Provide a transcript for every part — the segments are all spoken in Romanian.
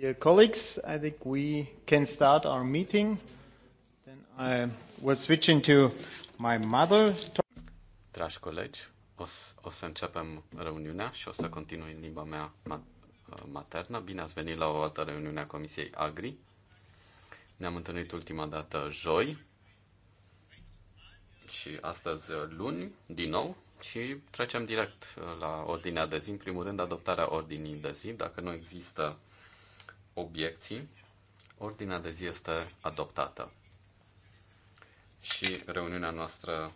Dear colleagues, I think we can start our meeting. Then I will switch into my mother. Dragi colegi, o să, o să începem reuniunea și o să continui în limba mea uh, maternă. Bine ați venit la o altă reuniune a Comisiei Agri. Ne-am întâlnit ultima dată joi și astăzi luni din nou și trecem direct la ordinea de zi. În primul rând, adoptarea ordinii de zi. Dacă nu există obiecții, ordinea de zi este adoptată. Și reuniunea noastră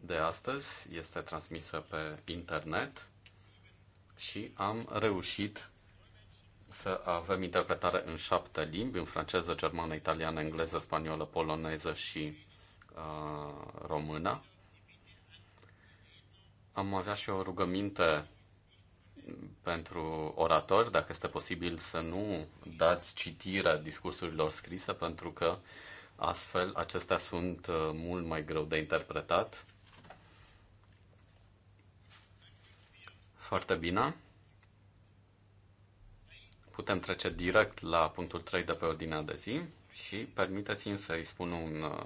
de astăzi este transmisă pe internet și am reușit să avem interpretare în șapte limbi, în franceză, germană, italiană, engleză, spaniolă, poloneză și uh, română. Am avea și o rugăminte pentru oratori, dacă este posibil să nu dați citire discursurilor scrise, pentru că astfel acestea sunt uh, mult mai greu de interpretat. Foarte bine. Putem trece direct la punctul 3 de pe ordinea de zi și permiteți-mi să-i spun un uh,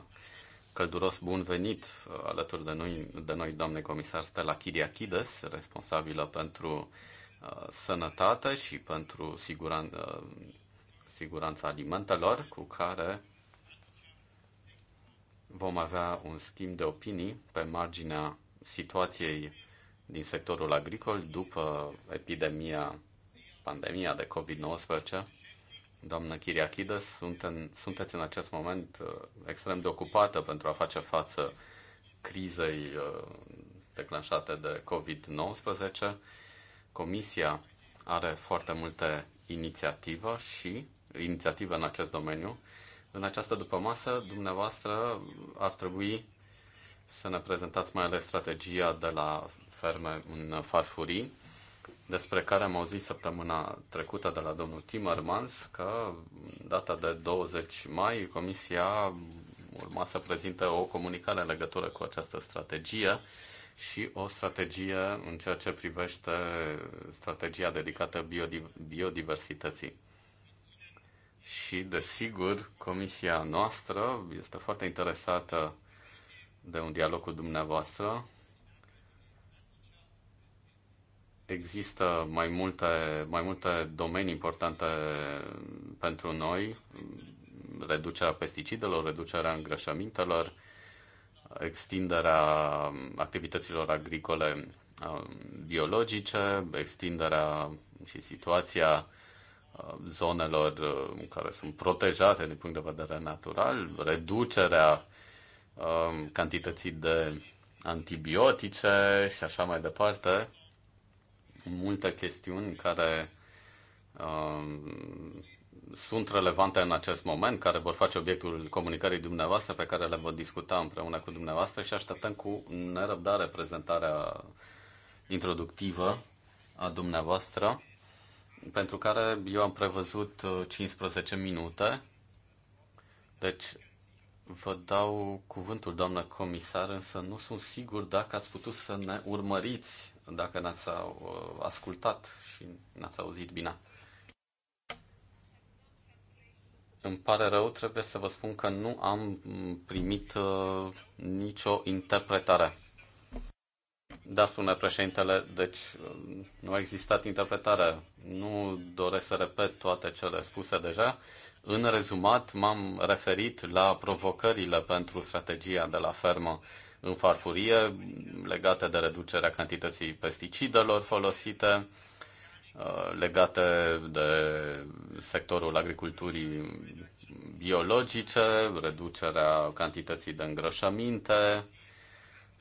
călduros bun venit uh, alături de noi, de noi doamne comisar Stella Chiriachides, responsabilă pentru uh, Uh, sănătate și pentru siguran- uh, siguranța alimentelor, cu care vom avea un schimb de opinii pe marginea situației din sectorul agricol după epidemia, pandemia de COVID-19. Doamnă Chiriachides, suntem, sunteți în acest moment uh, extrem de ocupată pentru a face față crizei declanșate de COVID-19 Comisia are foarte multe inițiativă și inițiativă în acest domeniu. În această dupămasă, dumneavoastră ar trebui să ne prezentați mai ales strategia de la ferme în farfurii, despre care am auzit săptămâna trecută de la domnul Timmermans că data de 20 mai Comisia urma să prezinte o comunicare în legătură cu această strategie și o strategie în ceea ce privește strategia dedicată biodiversității. Și, desigur, comisia noastră este foarte interesată de un dialog cu dumneavoastră. Există mai multe, mai multe domenii importante pentru noi, reducerea pesticidelor, reducerea îngrășămintelor, extinderea activităților agricole um, biologice, extinderea și situația um, zonelor um, care sunt protejate din punct de vedere natural, reducerea cantității de antibiotice și așa mai departe. Multe chestiuni care sunt relevante în acest moment, care vor face obiectul comunicării dumneavoastră, pe care le vor discuta împreună cu dumneavoastră și așteptăm cu nerăbdare prezentarea introductivă a dumneavoastră, pentru care eu am prevăzut 15 uh, minute. Deci, vă dau cuvântul, doamnă comisar, însă nu sunt sigur dacă ați putut să ne urmăriți, dacă ne-ați uh, ascultat și ne-ați auzit bine. Îmi pare rău, trebuie să vă spun că nu am primit uh, nicio interpretare. Da, spune președintele, deci uh, nu a existat interpretare. Nu doresc să repet toate cele spuse deja. În rezumat, m-am referit la provocările pentru strategia de la fermă în farfurie legate de reducerea cantității pesticidelor folosite, Uh, legate de sectorul agriculturii biologice, reducerea cantității de îngrășăminte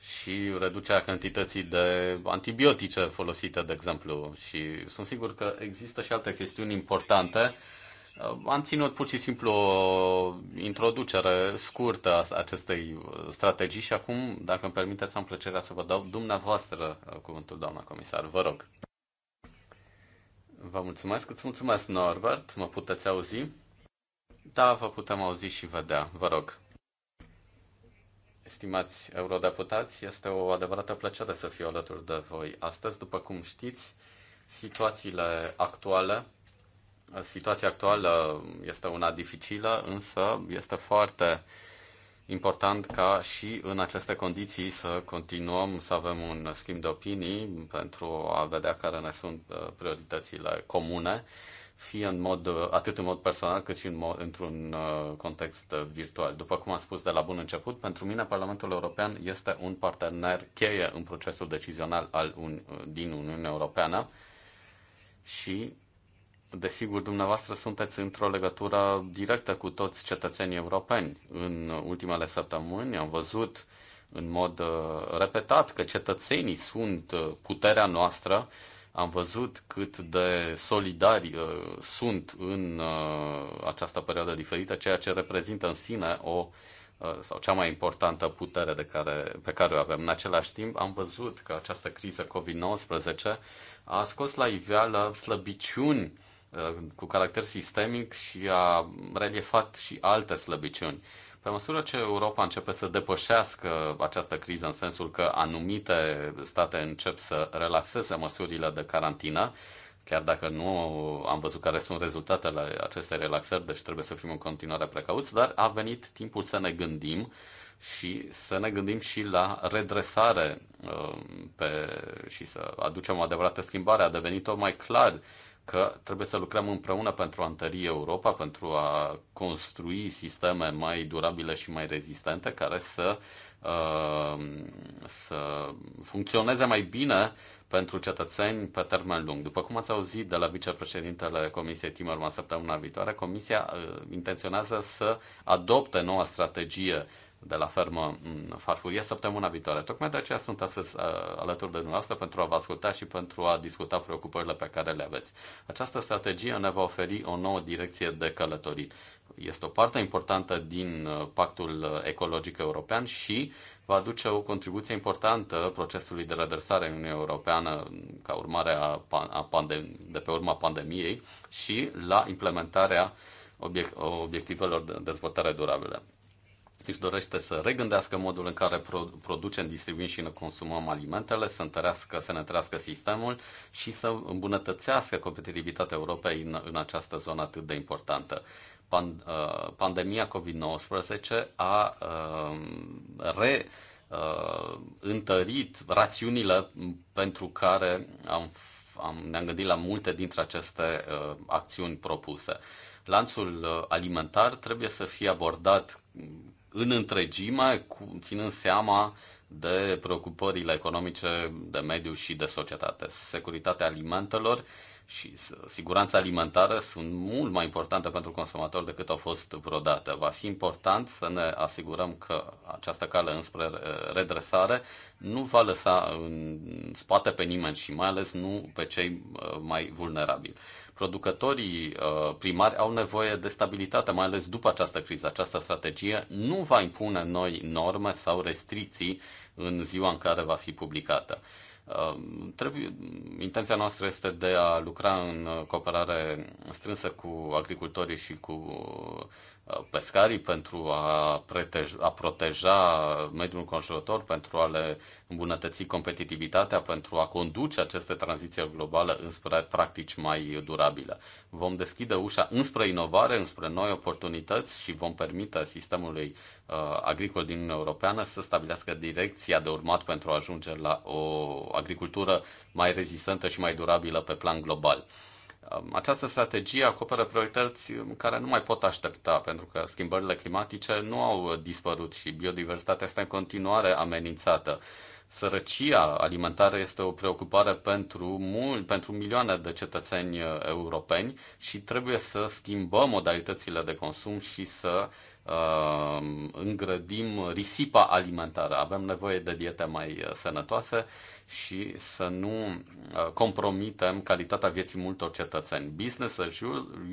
și reducerea cantității de antibiotice folosite, de exemplu. Și sunt sigur că există și alte chestiuni importante. Uh, am ținut pur și simplu o introducere scurtă a acestei uh, strategii și acum, dacă îmi permiteți, am plăcerea să vă dau dumneavoastră cuvântul, doamna comisar. Vă rog. Vă mulțumesc, îți mulțumesc, Norbert. Mă puteți auzi? Da, vă putem auzi și vedea. Vă rog. Stimați eurodeputați, este o adevărată plăcere să fiu alături de voi. Astăzi, după cum știți, situațiile actuale, situația actuală este una dificilă, însă este foarte important ca și în aceste condiții să continuăm să avem un schimb de opinii pentru a vedea care ne sunt uh, prioritățile comune, fie în mod, uh, atât în mod personal cât și în mod, într-un uh, context virtual. După cum am spus de la bun început, pentru mine Parlamentul European este un partener cheie în procesul decizional al un, din Uniunea Europeană și Desigur, dumneavoastră sunteți într-o legătură directă cu toți cetățenii europeni. În ultimele săptămâni am văzut în mod uh, repetat că cetățenii sunt uh, puterea noastră. Am văzut cât de solidari uh, sunt în această perioadă diferită, ceea ce reprezintă în sine o sau cea mai importantă putere de care, pe care o avem. În același timp, am văzut că această criză COVID-19 a scos la iveală slăbiciuni Uh, cu caracter sistemic și a reliefat și alte slăbiciuni. Pe măsură ce Europa începe să depășească această criză în sensul că anumite state încep să relaxeze măsurile de carantină, chiar dacă nu am văzut care sunt rezultatele acestei relaxări, deci trebuie să fim în continuare precauți, dar a venit timpul să ne gândim și să ne gândim și la redresare uh, pe, și să aducem o adevărată schimbare. A devenit tot mai clar că trebuie să lucrăm împreună pentru a întări Europa, pentru a construi sisteme mai durabile și mai rezistente care să, uh, să funcționeze mai bine pentru cetățeni pe termen lung. După cum ați auzit de la vicepreședintele Comisiei Timmermans săptămâna viitoare, Comisia uh, intenționează să adopte noua strategie de la fermă în farfurie săptămâna viitoare. Tocmai de aceea sunt astăzi uh, alături de dumneavoastră pentru a vă asculta și pentru a discuta preocupările pe care le aveți. Această strategie ne va oferi o nouă direcție de călătorit. Este o parte importantă din uh, pactul ecologic european și va aduce o contribuție importantă procesului de redresare în Uniunea Europeană ca urmare a, pandem- de pe urma pandemiei și la implementarea obiectivelor de dezvoltare durabilă își dorește să regândească modul în care producem, distribuim și ne consumăm alimentele, să, întărească, să ne întărească sistemul și să îmbunătățească competitivitatea Europei în, în această zonă atât de importantă. Pan, uh, pandemia COVID-19 a uh, re uh, întărit rațiunile pentru care am, am, ne-am gândit la multe dintre aceste uh, acțiuni propuse. Lanțul uh, alimentar trebuie să fie abordat în întregime, cu, ținând seama de preocupările economice, de mediu și de societate. Securitatea alimentelor și siguranța alimentară sunt mult mai importante pentru consumatori decât au fost vreodată. Va fi important să ne asigurăm că această cale înspre redresare nu va lăsa în spate pe nimeni și mai ales nu pe cei uh, mai vulnerabili producătorii uh, primari au nevoie de stabilitate, mai ales după această criză. Această strategie nu va impune noi norme sau restricții în ziua în care va fi publicată. Uh, trebuie, intenția noastră este de a lucra în cooperare strânsă cu agricultorii și cu Uh, pescarii pentru a, preteja, a proteja mediul înconjurător, pentru a le îmbunătăți competitivitatea, pentru a conduce aceste tranziții globale înspre practici mai durabile. Vom deschide ușa înspre inovare, înspre noi oportunități și vom permite sistemului uh, agricol din Uniunea Europeană să stabilească direcția de urmat pentru a ajunge la o agricultură mai rezistentă și mai durabilă pe plan global. Um, această strategie acoperă priorități care nu mai pot aștepta, pentru că schimbările climatice nu au dispărut și biodiversitatea este în continuare amenințată. Sărăcia alimentară este o preocupare pentru, mul- pentru milioane de cetățeni europeni și trebuie să schimbăm modalitățile de consum și să uh, Um, îngrădim risipa alimentară. Avem nevoie de diete mai uh, sănătoase și să nu uh, compromitem calitatea vieții multor cetățeni. Business as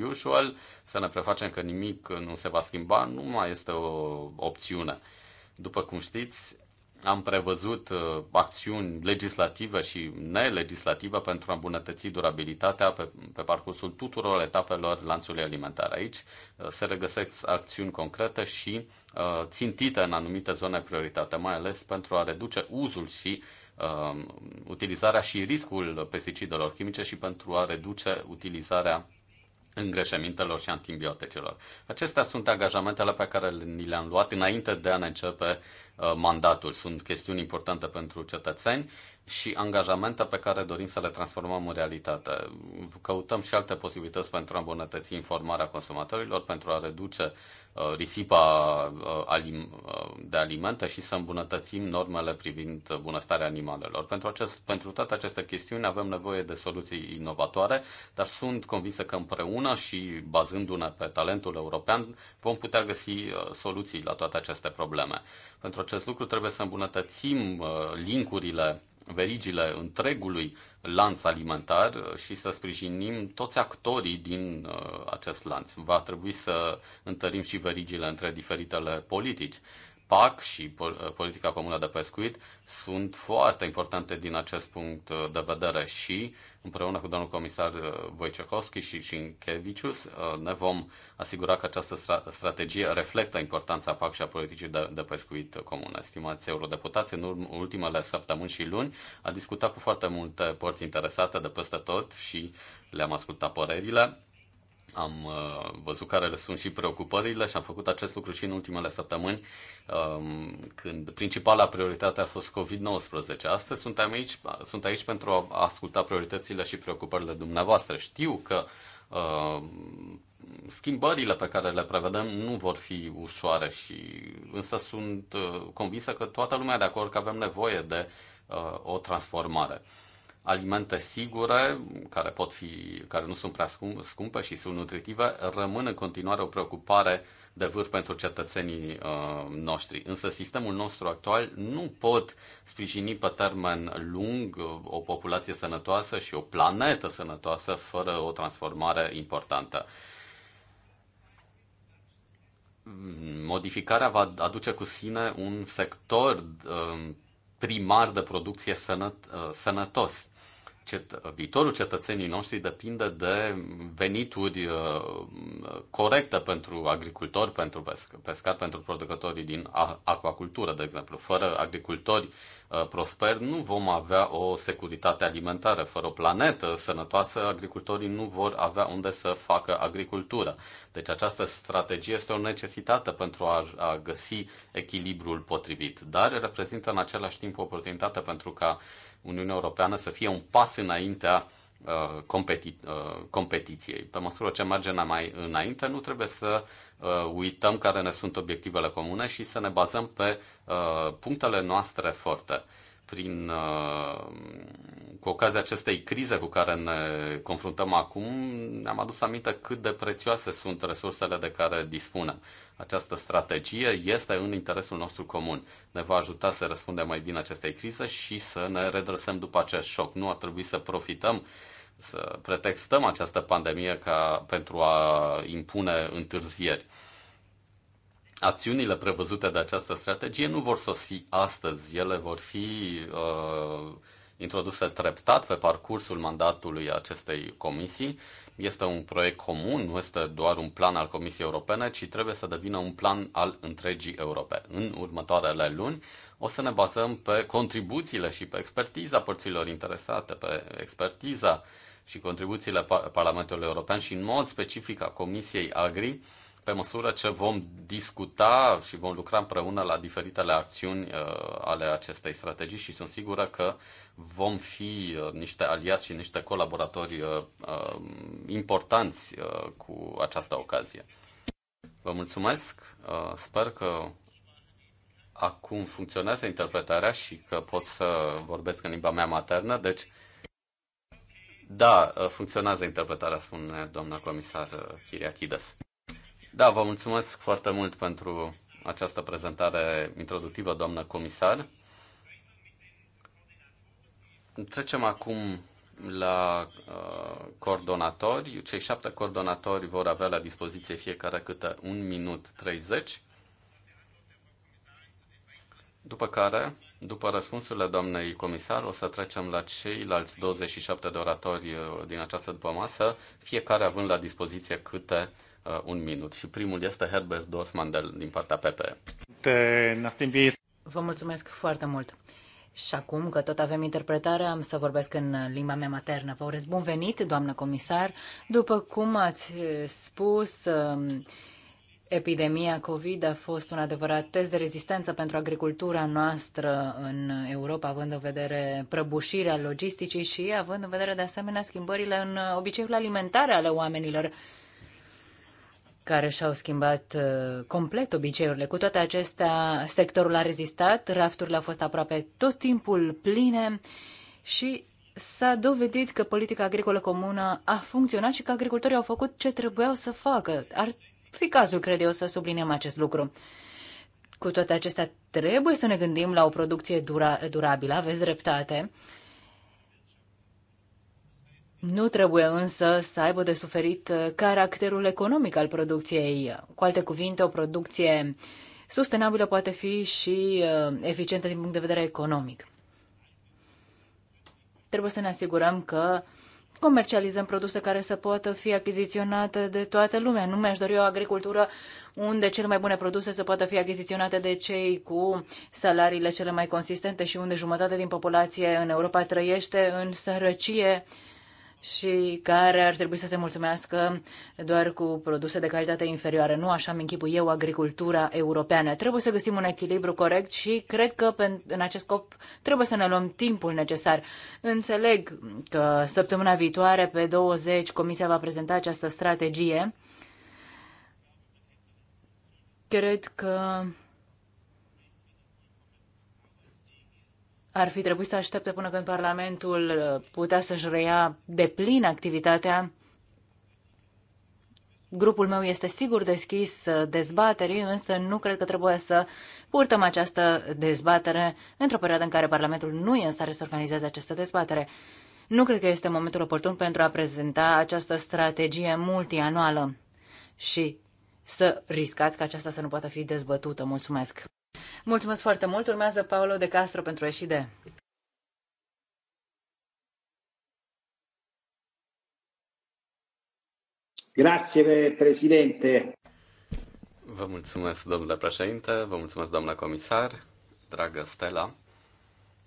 usual, să ne prefacem că nimic nu se va schimba, nu mai este o opțiune. După cum știți, am prevăzut uh, acțiuni legislative și nelegislative pentru a îmbunătăți durabilitatea pe, pe parcursul tuturor etapelor lanțului alimentar. Aici uh, se regăsesc acțiuni concrete și uh, țintite în anumite zone prioritate, mai ales pentru a reduce uzul și uh, utilizarea și riscul pesticidelor chimice și pentru a reduce utilizarea îngreșămintelor și antibioticelor. Acestea sunt angajamentele pe care ni le-am luat înainte de a ne începe Uh, mandatul. Sunt chestiuni importante pentru cetățeni și angajamente pe care dorim să le transformăm în realitate. Căutăm și alte posibilități pentru a îmbunătăți informarea consumatorilor, pentru a reduce uh, risipa uh, de alimente și să îmbunătățim normele privind bunăstarea animalelor. Pentru, acest, pentru toate aceste chestiuni avem nevoie de soluții inovatoare, dar sunt convinsă că împreună și bazându-ne pe talentul european vom putea găsi soluții la toate aceste probleme. Pentru acest lucru trebuie să îmbunătățim uh, linkurile, verigile întregului lanț alimentar uh, și să sprijinim toți actorii din uh, acest lanț. Va trebui să întărim și verigile între diferitele politici PAC și uh, politica comună de pescuit sunt foarte importante din acest punct uh, de vedere și împreună cu domnul comisar uh, Wojciechowski și Cinkevicius ne vom asigura că această strategie reflectă importanța PAC și a politicii de, pescuit comune. Stimați eurodeputați, în ultimele săptămâni și luni a discutat cu foarte multe părți interesate de peste tot și le-am ascultat părerile am uh, văzut care sunt și preocupările și am făcut acest lucru și în ultimele săptămâni, um, când principala prioritate a fost COVID-19. Astăzi sunt aici, sunt aici pentru a asculta prioritățile și preocupările dumneavoastră. Știu că uh, schimbările pe care le prevedem nu vor fi ușoare și însă sunt uh, convinsă că toată lumea e de acord că avem nevoie de o transformare alimente sigure, care, pot fi, care nu sunt prea scumpe și sunt nutritive, rămân în continuare o preocupare de vârf pentru cetățenii uh, noștri. Însă sistemul nostru actual nu pot sprijini pe termen lung uh, o populație sănătoasă și o planetă sănătoasă fără o transformare importantă. Modificarea va aduce cu sine un sector uh, primar de producție sănăt, uh, sănătos cet- viitorul cetățenii noștri depinde de venituri uh, corecte pentru agricultori, pentru pescar, pentru producătorii din aquacultură, de exemplu. Fără agricultori Uh, prosper, nu vom avea o securitate alimentară. Fără o planetă sănătoasă, agricultorii nu vor avea unde să facă agricultură. Deci această strategie este o necesitate pentru a, a găsi echilibrul potrivit, dar reprezintă în același timp o oportunitate pentru ca Uniunea Europeană să fie un pas înaintea Uh, competi- uh, competiției. Pe măsură ce mergem mai înainte, nu trebuie să uh, uităm care ne sunt obiectivele comune și să ne bazăm pe punctele noastre forte prin, uh, cu ocazia acestei crize cu care ne confruntăm acum, ne-am adus aminte cât de prețioase sunt resursele de care dispunem. Această strategie este în interesul nostru comun. Ne va ajuta să răspundem mai bine acestei crize și să ne redresăm după acest șoc. Nu ar trebui să profităm să pretextăm această pandemie ca pentru a impune întârzieri acțiunile prevăzute de această strategie nu vor sosi astăzi, ele vor fi uh, introduse treptat pe parcursul mandatului acestei comisii. Este un proiect comun, nu este doar un plan al Comisiei Europene, ci trebuie să devină un plan al întregii Europe. În următoarele luni o să ne bazăm pe contribuțiile și pe expertiza părților interesate, pe expertiza și contribuțiile Parlamentului European și în mod specific a Comisiei Agri, pe măsură ce vom discuta și vom lucra împreună la diferitele acțiuni uh, ale acestei strategii și sunt sigură că vom fi uh, niște aliați și niște colaboratori uh, importanți cu această ocazie. Vă mulțumesc, sper că acum funcționează interpretarea și că pot să vorbesc în limba mea maternă, deci da, funcționează interpretarea, spune doamna comisar Chiriachides. Da, vă mulțumesc foarte mult pentru această prezentare introductivă, doamnă comisar. Trecem acum la uh, coordonatori. Cei șapte coordonatori vor avea la dispoziție fiecare câte un minut 30. După care, după răspunsurile doamnei comisar, o să trecem la ceilalți 27 de oratori uh, din această dupămasă, fiecare având la dispoziție câte uh, un minut. Și primul este Herbert Dorfman din partea PPE. Vă mulțumesc foarte mult! Și acum că tot avem interpretare, am să vorbesc în limba mea maternă. Vă urez bun venit, doamnă comisar. După cum ați spus, um, epidemia COVID a fost un adevărat test de rezistență pentru agricultura noastră în Europa, având în vedere prăbușirea logisticii și având în vedere de asemenea schimbările în obiceiurile alimentare ale oamenilor care și-au schimbat uh, complet obiceiurile. Cu toate acestea, sectorul a rezistat, rafturile au fost aproape tot timpul pline și s-a dovedit că politica agricolă comună a funcționat și că agricultorii au făcut ce trebuiau să facă. Ar fi cazul, cred eu, să subliniem acest lucru. Cu toate acestea, trebuie să ne gândim la o producție dura- durabilă, aveți dreptate, nu trebuie însă să aibă de suferit uh, caracterul economic al producției. Cu alte cuvinte, o producție sustenabilă poate fi și uh, eficientă din punct de vedere economic. Trebuie să ne asigurăm că comercializăm produse care să poată fi achiziționate de toată lumea. Nu mi-aș dori o agricultură unde cele mai bune produse să poată fi achiziționate de cei cu salariile cele mai consistente și unde jumătate din populație în Europa trăiește în sărăcie și care ar trebui să se mulțumească doar cu produse de calitate inferioară. Nu așa mi închipu eu agricultura europeană. Trebuie să găsim un echilibru corect și cred că în acest scop trebuie să ne luăm timpul necesar. Înțeleg că săptămâna viitoare, pe 20, Comisia va prezenta această strategie. Cred că ar fi trebuit să aștepte până când Parlamentul uh, putea să-și reia de plin activitatea. Grupul meu este sigur deschis uh, dezbaterii, însă nu cred că trebuie să purtăm această dezbatere într-o perioadă în care Parlamentul nu e în stare să organizeze această dezbatere. Nu cred că este momentul oportun pentru a prezenta această strategie multianuală și să riscați ca aceasta să nu poată fi dezbătută. Mulțumesc! Mulțumesc foarte mult. Urmează Paolo de Castro pentru ieșide. Grazie, președinte. Vă mulțumesc, domnule președinte, vă mulțumesc, doamna comisar, dragă Stella.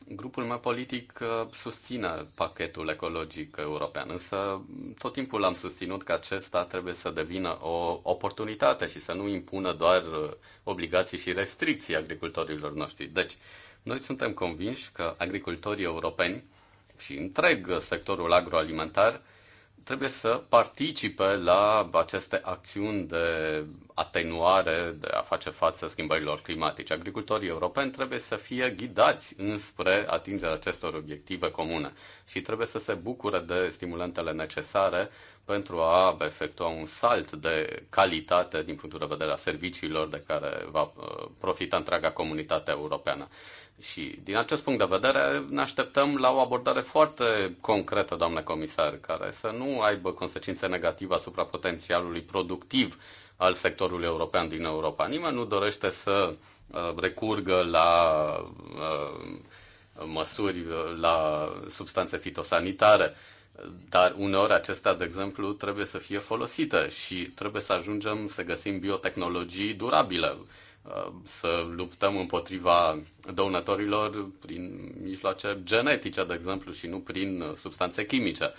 Grupul meu politic uh, susține pachetul ecologic european, însă tot timpul am susținut că acesta trebuie să devină o oportunitate și să nu impună doar uh, obligații și restricții agricultorilor noștri. Deci, noi suntem convinși că agricultorii europeni și întreg sectorul agroalimentar trebuie să participe la aceste acțiuni de atenuare, de a face față schimbărilor climatice. Agricultorii europeni trebuie să fie ghidați înspre atingerea acestor obiective comune și trebuie să se bucure de stimulentele necesare pentru a efectua un salt de calitate din punctul de vedere a serviciilor de care va uh, profita întreaga comunitate europeană. Și din acest punct de vedere ne așteptăm la o abordare foarte concretă, doamne comisar, care să nu aibă consecințe negative asupra potențialului productiv al sectorului european din Europa. Nimeni nu dorește să uh, recurgă la uh, măsuri, uh, la substanțe fitosanitare, dar uneori acestea, de exemplu, trebuie să fie folosite și trebuie să ajungem să găsim biotehnologii durabile să luptăm împotriva dăunătorilor prin mijloace genetice, de exemplu, și nu prin uh, substanțe chimice.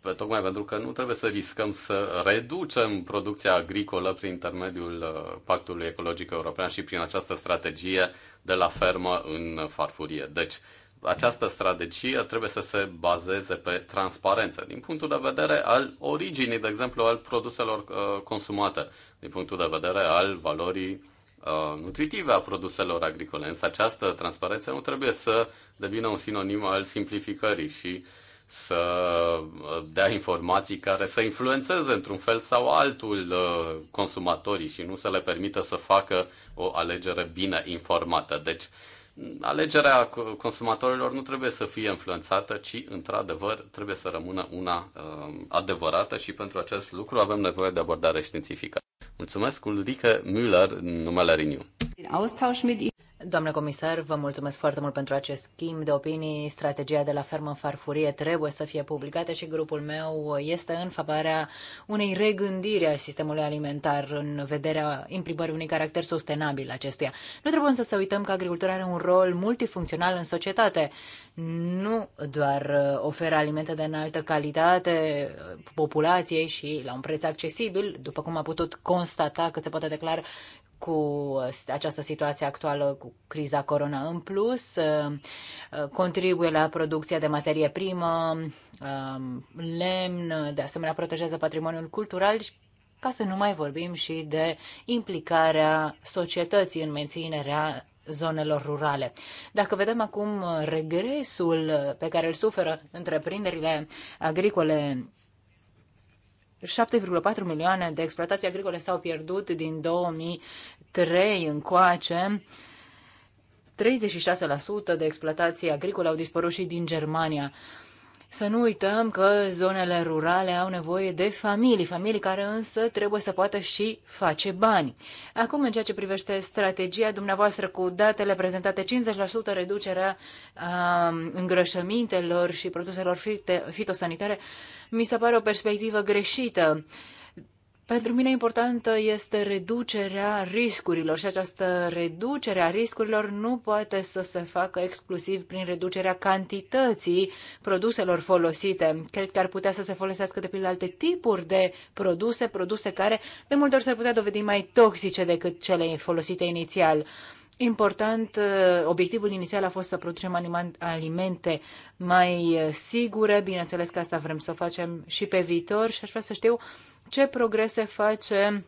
Pe tocmai pentru că nu trebuie să riscăm să reducem producția agricolă prin intermediul uh, Pactului Ecologic European și prin această strategie de la fermă în farfurie. Deci, această strategie trebuie să se bazeze pe transparență din punctul de vedere al originii, de exemplu, al produselor uh, consumate, din punctul de vedere al valorii Uh, nutritive a produselor agricole. Însă această transparență nu trebuie să devină un sinonim al simplificării și să uh, dea informații care să influențeze într-un fel sau altul uh, consumatorii și nu să le permită să facă o alegere bine informată. Deci, alegerea consumatorilor nu trebuie să fie influențată, ci, într-adevăr, trebuie să rămână una adevărată și pentru acest lucru avem nevoie de abordare științifică. Mulțumesc, Ulrike Müller, numele Riniu. Doamnă comisar, vă mulțumesc foarte mult pentru acest schimb de opinii. Strategia de la fermă în farfurie trebuie să fie publicată și grupul meu este în favoarea unei regândiri a sistemului alimentar în vederea imprimării unui caracter sustenabil acestuia. Nu trebuie însă să uităm că agricultura are un rol multifuncțional în societate. Nu doar uh, oferă alimente de înaltă calitate uh, populației și la un preț accesibil, după cum a putut constata că se poate declara cu uh, această situație actuală cu criza corona în plus, uh, uh, contribuie la producția de materie primă, um, lemn, de asemenea protejează patrimoniul cultural ca să nu mai vorbim și de implicarea societății în menținerea zonelor rurale. Dacă vedem acum regresul pe care îl suferă întreprinderile agricole 7,4 milioane de exploatații agricole s-au pierdut din 2003 încoace. 36% de exploatații agricole au dispărut și din Germania. Să nu uităm că zonele rurale au nevoie de familii, familii care însă trebuie să poată și face bani. Acum, în ceea ce privește strategia dumneavoastră cu datele prezentate, 50% reducerea a, um, îngrășămintelor și produselor fitosanitare, mi se pare o perspectivă greșită. Pentru mine importantă este reducerea riscurilor și această reducere a riscurilor nu poate să se facă exclusiv prin reducerea cantității produselor folosite. Cred că ar putea să se folosească de pildă alte tipuri de produse, produse care de multe ori s-ar putea dovedi mai toxice decât cele folosite inițial important, uh, obiectivul inițial a fost să producem alimente mai uh, sigure, bineînțeles că asta vrem să facem și pe viitor și aș vrea să știu ce progrese face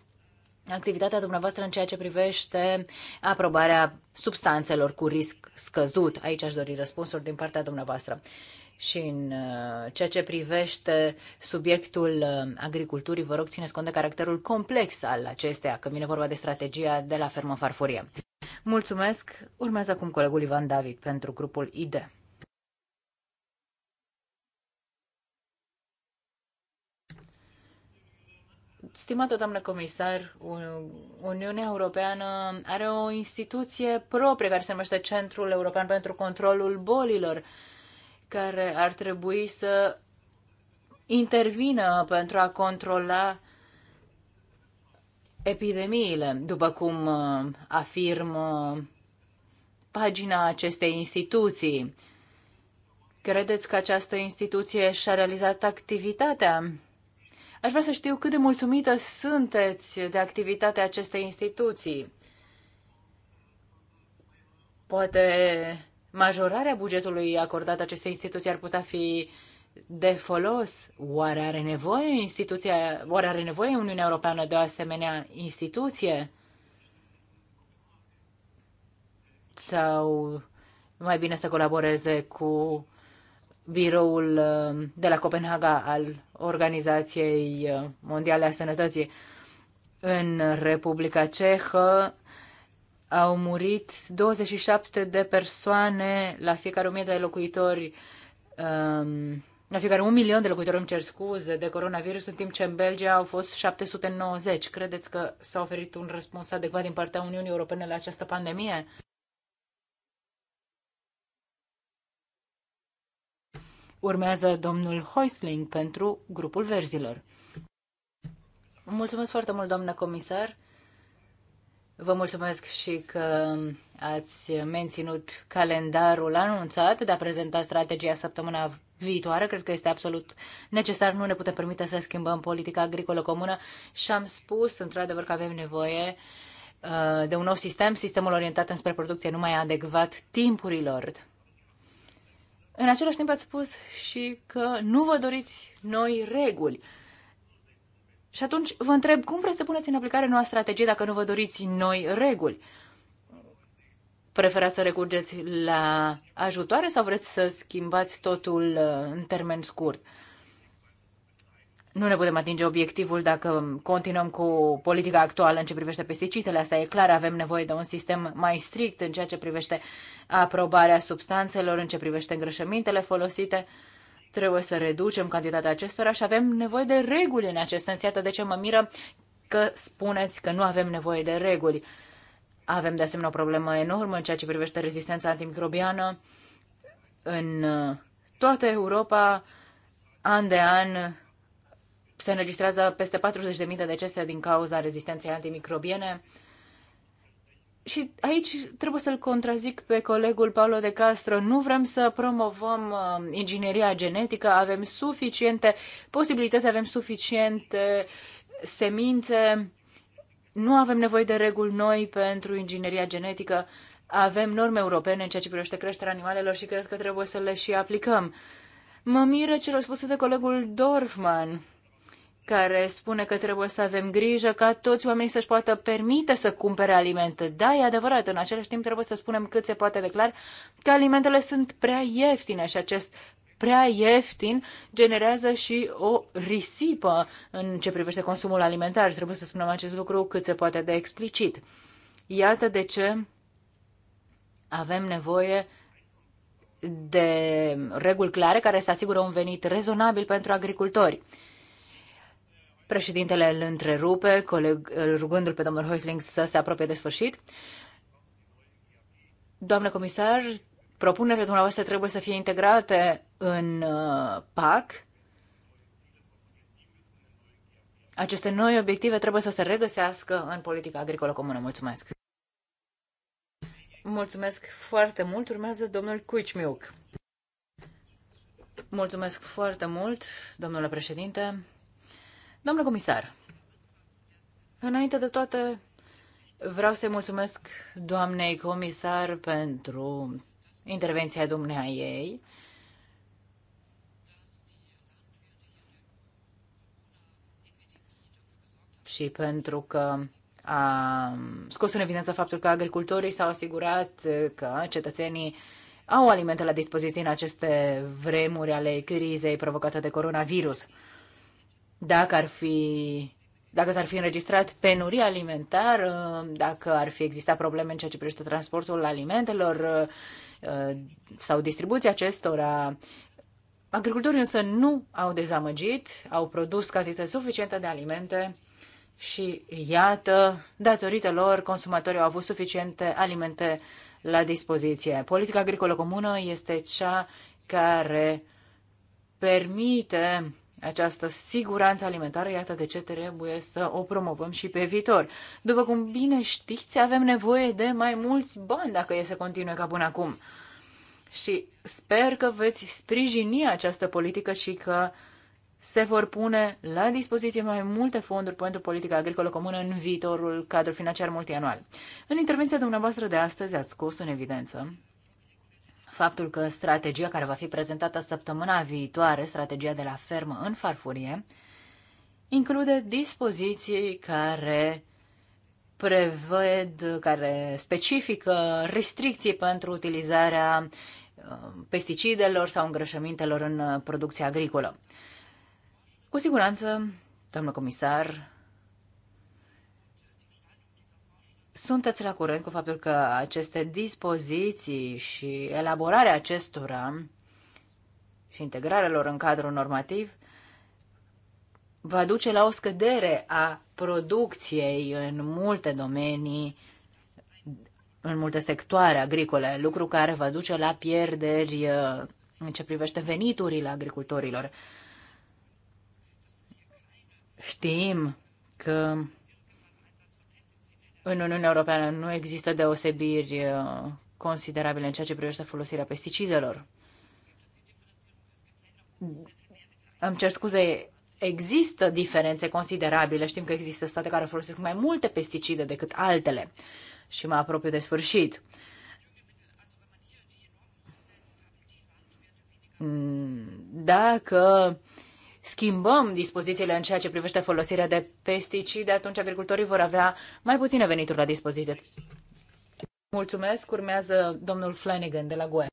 activitatea dumneavoastră în ceea ce privește aprobarea substanțelor cu risc scăzut. Aici aș dori răspunsuri din partea dumneavoastră și în uh, ceea ce privește subiectul uh, agriculturii, vă rog țineți cont de caracterul complex al acesteia, când vine vorba de strategia de la fermă farfurie. Mulțumesc! Urmează acum colegul Ivan David pentru grupul ID. Stimată doamnă comisar, Uniunea Europeană are o instituție proprie care se numește Centrul European pentru Controlul Bolilor care ar trebui să intervină pentru a controla epidemiile, după cum uh, afirmă uh, pagina acestei instituții. Credeți că această instituție și-a realizat activitatea? Aș vrea să știu cât de mulțumită sunteți de activitatea acestei instituții. Poate majorarea bugetului acordat acestei instituții ar putea fi de folos? Oare are nevoie instituția, oare are nevoie Uniunea Europeană de o asemenea instituție? Sau mai bine să colaboreze cu biroul uh, de la Copenhaga al Organizației uh, Mondiale a Sănătății. În Republica Cehă au murit 27 de persoane la fiecare 1000 de locuitori, um, la fiecare un milion de locuitori, îmi cer scuze, de coronavirus, în timp ce în Belgia au fost 790. Credeți că s-a oferit un răspuns adecvat din partea Uniunii Europene la această pandemie? Urmează domnul Hoisling pentru grupul verzilor. Mulțumesc foarte mult, doamnă comisar. Vă mulțumesc și că ați menținut calendarul anunțat de a prezenta strategia săptămâna viitoare. Cred că este absolut necesar. Nu ne putem permite să schimbăm politica agricolă comună și am spus, într-adevăr, că avem nevoie uh, de un nou sistem, sistemul orientat înspre producție nu mai adecvat timpurilor. În același timp ați spus și că nu vă doriți noi reguli. Și atunci vă întreb, cum vreți să puneți în aplicare noua strategie dacă nu vă doriți noi reguli? Preferați să recurgeți la ajutoare sau vreți să schimbați totul uh, în termen scurt? Nu ne putem atinge obiectivul dacă continuăm cu politica actuală în ce privește pesticidele. Asta e clar, avem nevoie de un sistem mai strict în ceea ce privește aprobarea substanțelor, în ce privește îngrășămintele folosite. Trebuie să reducem cantitatea acestora și avem nevoie de reguli în acest sens. Iată de ce mă miră că spuneți că nu avem nevoie de reguli. Avem de asemenea o problemă enormă în ceea ce privește rezistența antimicrobiană. În uh, toată Europa, an de an, se înregistrează peste 40.000 de decese din cauza rezistenței antimicrobiene și aici trebuie să-l contrazic pe colegul Paolo de Castro. Nu vrem să promovăm uh, ingineria genetică, avem suficiente posibilități, avem suficiente semințe, nu avem nevoie de reguli noi pentru ingineria genetică, avem norme europene în ceea ce privește creșterea animalelor și cred că trebuie să le și aplicăm. Mă miră ce l-a spus de colegul Dorfman care spune că trebuie să avem grijă ca toți oamenii să-și poată permite să cumpere alimente. Da, e adevărat, în același timp trebuie să spunem cât se poate de clar că alimentele sunt prea ieftine și acest prea ieftin generează și o risipă în ce privește consumul alimentar. Trebuie să spunem acest lucru cât se poate de explicit. Iată de ce avem nevoie de reguli clare care să asigură un venit rezonabil pentru agricultori. Președintele îl întrerupe, coleg, rugându-l pe domnul Heusling să se apropie de sfârșit. Doamnă comisar, propunerile dumneavoastră trebuie să fie integrate în uh, PAC. Aceste noi obiective trebuie să se regăsească în politica agricolă comună. Mulțumesc! Mulțumesc foarte mult. Urmează domnul Cuicimiuc. Mulțumesc foarte mult, domnule președinte. Domnule comisar, înainte de toate, vreau să-i mulțumesc doamnei comisar pentru intervenția dumnea ei. și pentru că a scos în evidență faptul că agricultorii s-au asigurat că cetățenii au alimente la dispoziție în aceste vremuri ale crizei provocate de coronavirus dacă ar fi dacă s-ar fi înregistrat penurie alimentară, dacă ar fi existat probleme în ceea ce privește transportul alimentelor uh, uh, sau distribuția acestora. Agricultorii însă nu au dezamăgit, au produs cantități suficiente de alimente și iată, datorită lor, consumatorii au avut suficiente alimente la dispoziție. Politica agricolă comună este cea care permite această siguranță alimentară, iată de ce trebuie să o promovăm și pe viitor. După cum bine știți, avem nevoie de mai mulți bani dacă e să continue ca până acum. Și sper că veți sprijini această politică și că se vor pune la dispoziție mai multe fonduri pentru politica agricolă comună în viitorul cadru financiar multianual. În intervenția dumneavoastră de astăzi ați scos în evidență faptul că strategia care va fi prezentată săptămâna viitoare, strategia de la fermă în farfurie, include dispoziții care prevăd, care specifică restricții pentru utilizarea uh, pesticidelor sau îngrășămintelor în uh, producția agricolă. Cu siguranță, doamnă comisar, Sunteți la curent cu faptul că aceste dispoziții și elaborarea acestora și integrarea lor în cadrul normativ va duce la o scădere a producției în multe domenii, în multe sectoare agricole, lucru care va duce la pierderi uh, în ce privește veniturile agricultorilor. Știm că în Uniunea Europeană nu există deosebiri uh, considerabile în ceea ce privește folosirea pesticidelor. Îmi cer scuze, există diferențe considerabile. Știm că există state care folosesc mai multe pesticide decât altele. Și mă apropiu de sfârșit. Mm, dacă schimbăm dispozițiile în ceea ce privește folosirea de pesticide, atunci agricultorii vor avea mai puține venituri la dispoziție. Mulțumesc. Urmează domnul Flanagan de la GUE.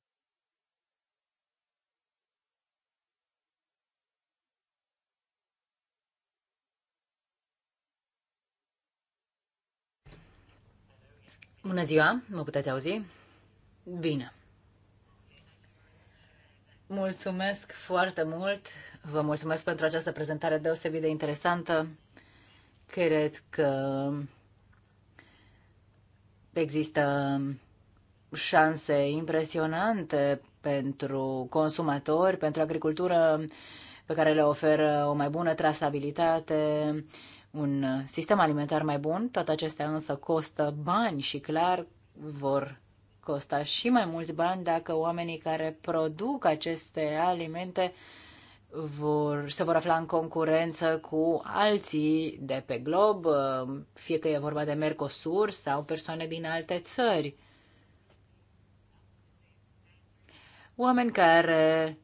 Bună ziua, mă puteți auzi? Bine. Mulțumesc foarte mult. Vă mulțumesc pentru această prezentare deosebit de interesantă. Cred că există șanse impresionante pentru consumatori, pentru agricultură, pe care le oferă o mai bună trasabilitate, un sistem alimentar mai bun. Toate acestea însă costă bani și clar vor costa și mai mulți bani dacă oamenii care produc aceste alimente vor, se vor afla în concurență cu alții de pe glob, fie că e vorba de Mercosur sau persoane din alte țări. Oameni care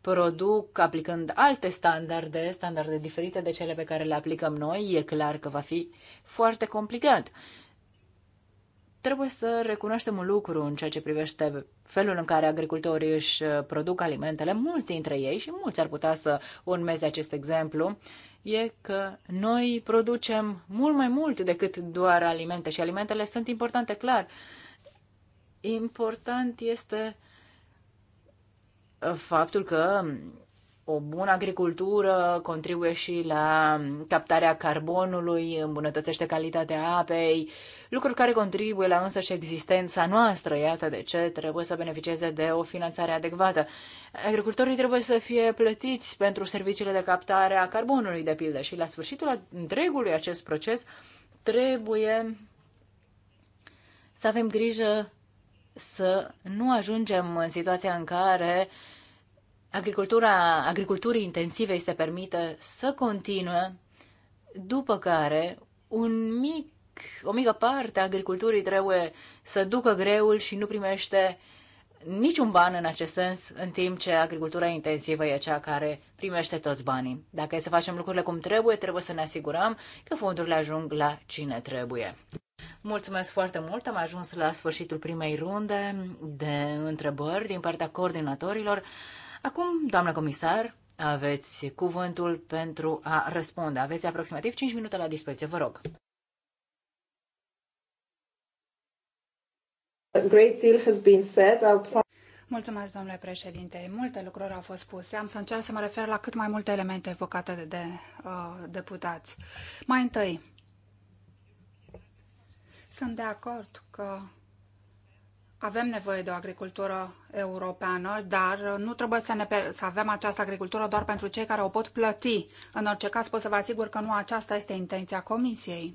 produc aplicând alte standarde, standarde diferite de cele pe care le aplicăm noi, e clar că va fi foarte complicat. Trebuie să recunoaștem un lucru în ceea ce privește felul în care agricultorii își uh, produc alimentele, mulți dintre ei și mulți ar putea să urmeze acest exemplu, e că noi producem mult mai mult decât doar alimente și alimentele sunt importante, clar. Important este faptul că o bună agricultură contribuie și la captarea carbonului, îmbunătățește calitatea apei, lucruri care contribuie la însăși existența noastră. Iată de ce trebuie să beneficieze de o finanțare adecvată. Agricultorii trebuie să fie plătiți pentru serviciile de captare a carbonului, de pildă, și la sfârșitul întregului acest proces trebuie să avem grijă să nu ajungem în situația în care uh, agricultura, agriculturii intensive îi se permite să continue, după care un mic, o mică parte a agriculturii trebuie să ducă greul și nu primește niciun ban în acest sens, în timp ce agricultura intensivă e cea care primește toți banii. Dacă e să facem lucrurile cum trebuie, trebuie să ne asigurăm că fondurile ajung la cine trebuie. Mulțumesc foarte mult, am ajuns la sfârșitul primei runde de întrebări din partea coordonatorilor. Acum, doamnă comisar, aveți cuvântul pentru a răspunde. Aveți aproximativ 5 minute la dispoziție, vă rog. Great deal has been said. Mulțumesc, domnule președinte. Multe lucruri au fost spuse. Am să încerc să mă refer la cât mai multe elemente evocate de, de uh, deputați. Mai întâi, sunt de acord că avem nevoie de o agricultură europeană, dar nu trebuie să, ne, să avem această agricultură doar pentru cei care o pot plăti. În orice caz pot să vă asigur că nu aceasta este intenția Comisiei.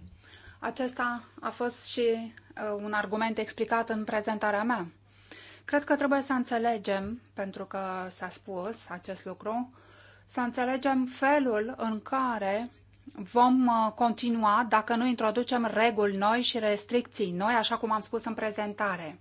Acesta a fost și uh, un argument explicat în prezentarea mea. Cred că trebuie să înțelegem, pentru că s-a spus acest lucru, să înțelegem felul în care vom uh, continua dacă nu introducem reguli noi și restricții noi, așa cum am spus în prezentare.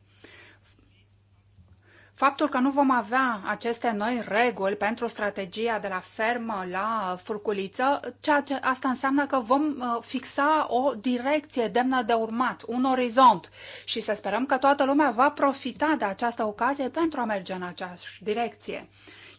Faptul că nu vom avea aceste noi reguli pentru strategia de la fermă la furculiță, ceea ce asta înseamnă că vom uh, fixa o direcție demnă de urmat, un orizont și să sperăm că toată lumea va profita de această ocazie pentru a merge în această direcție.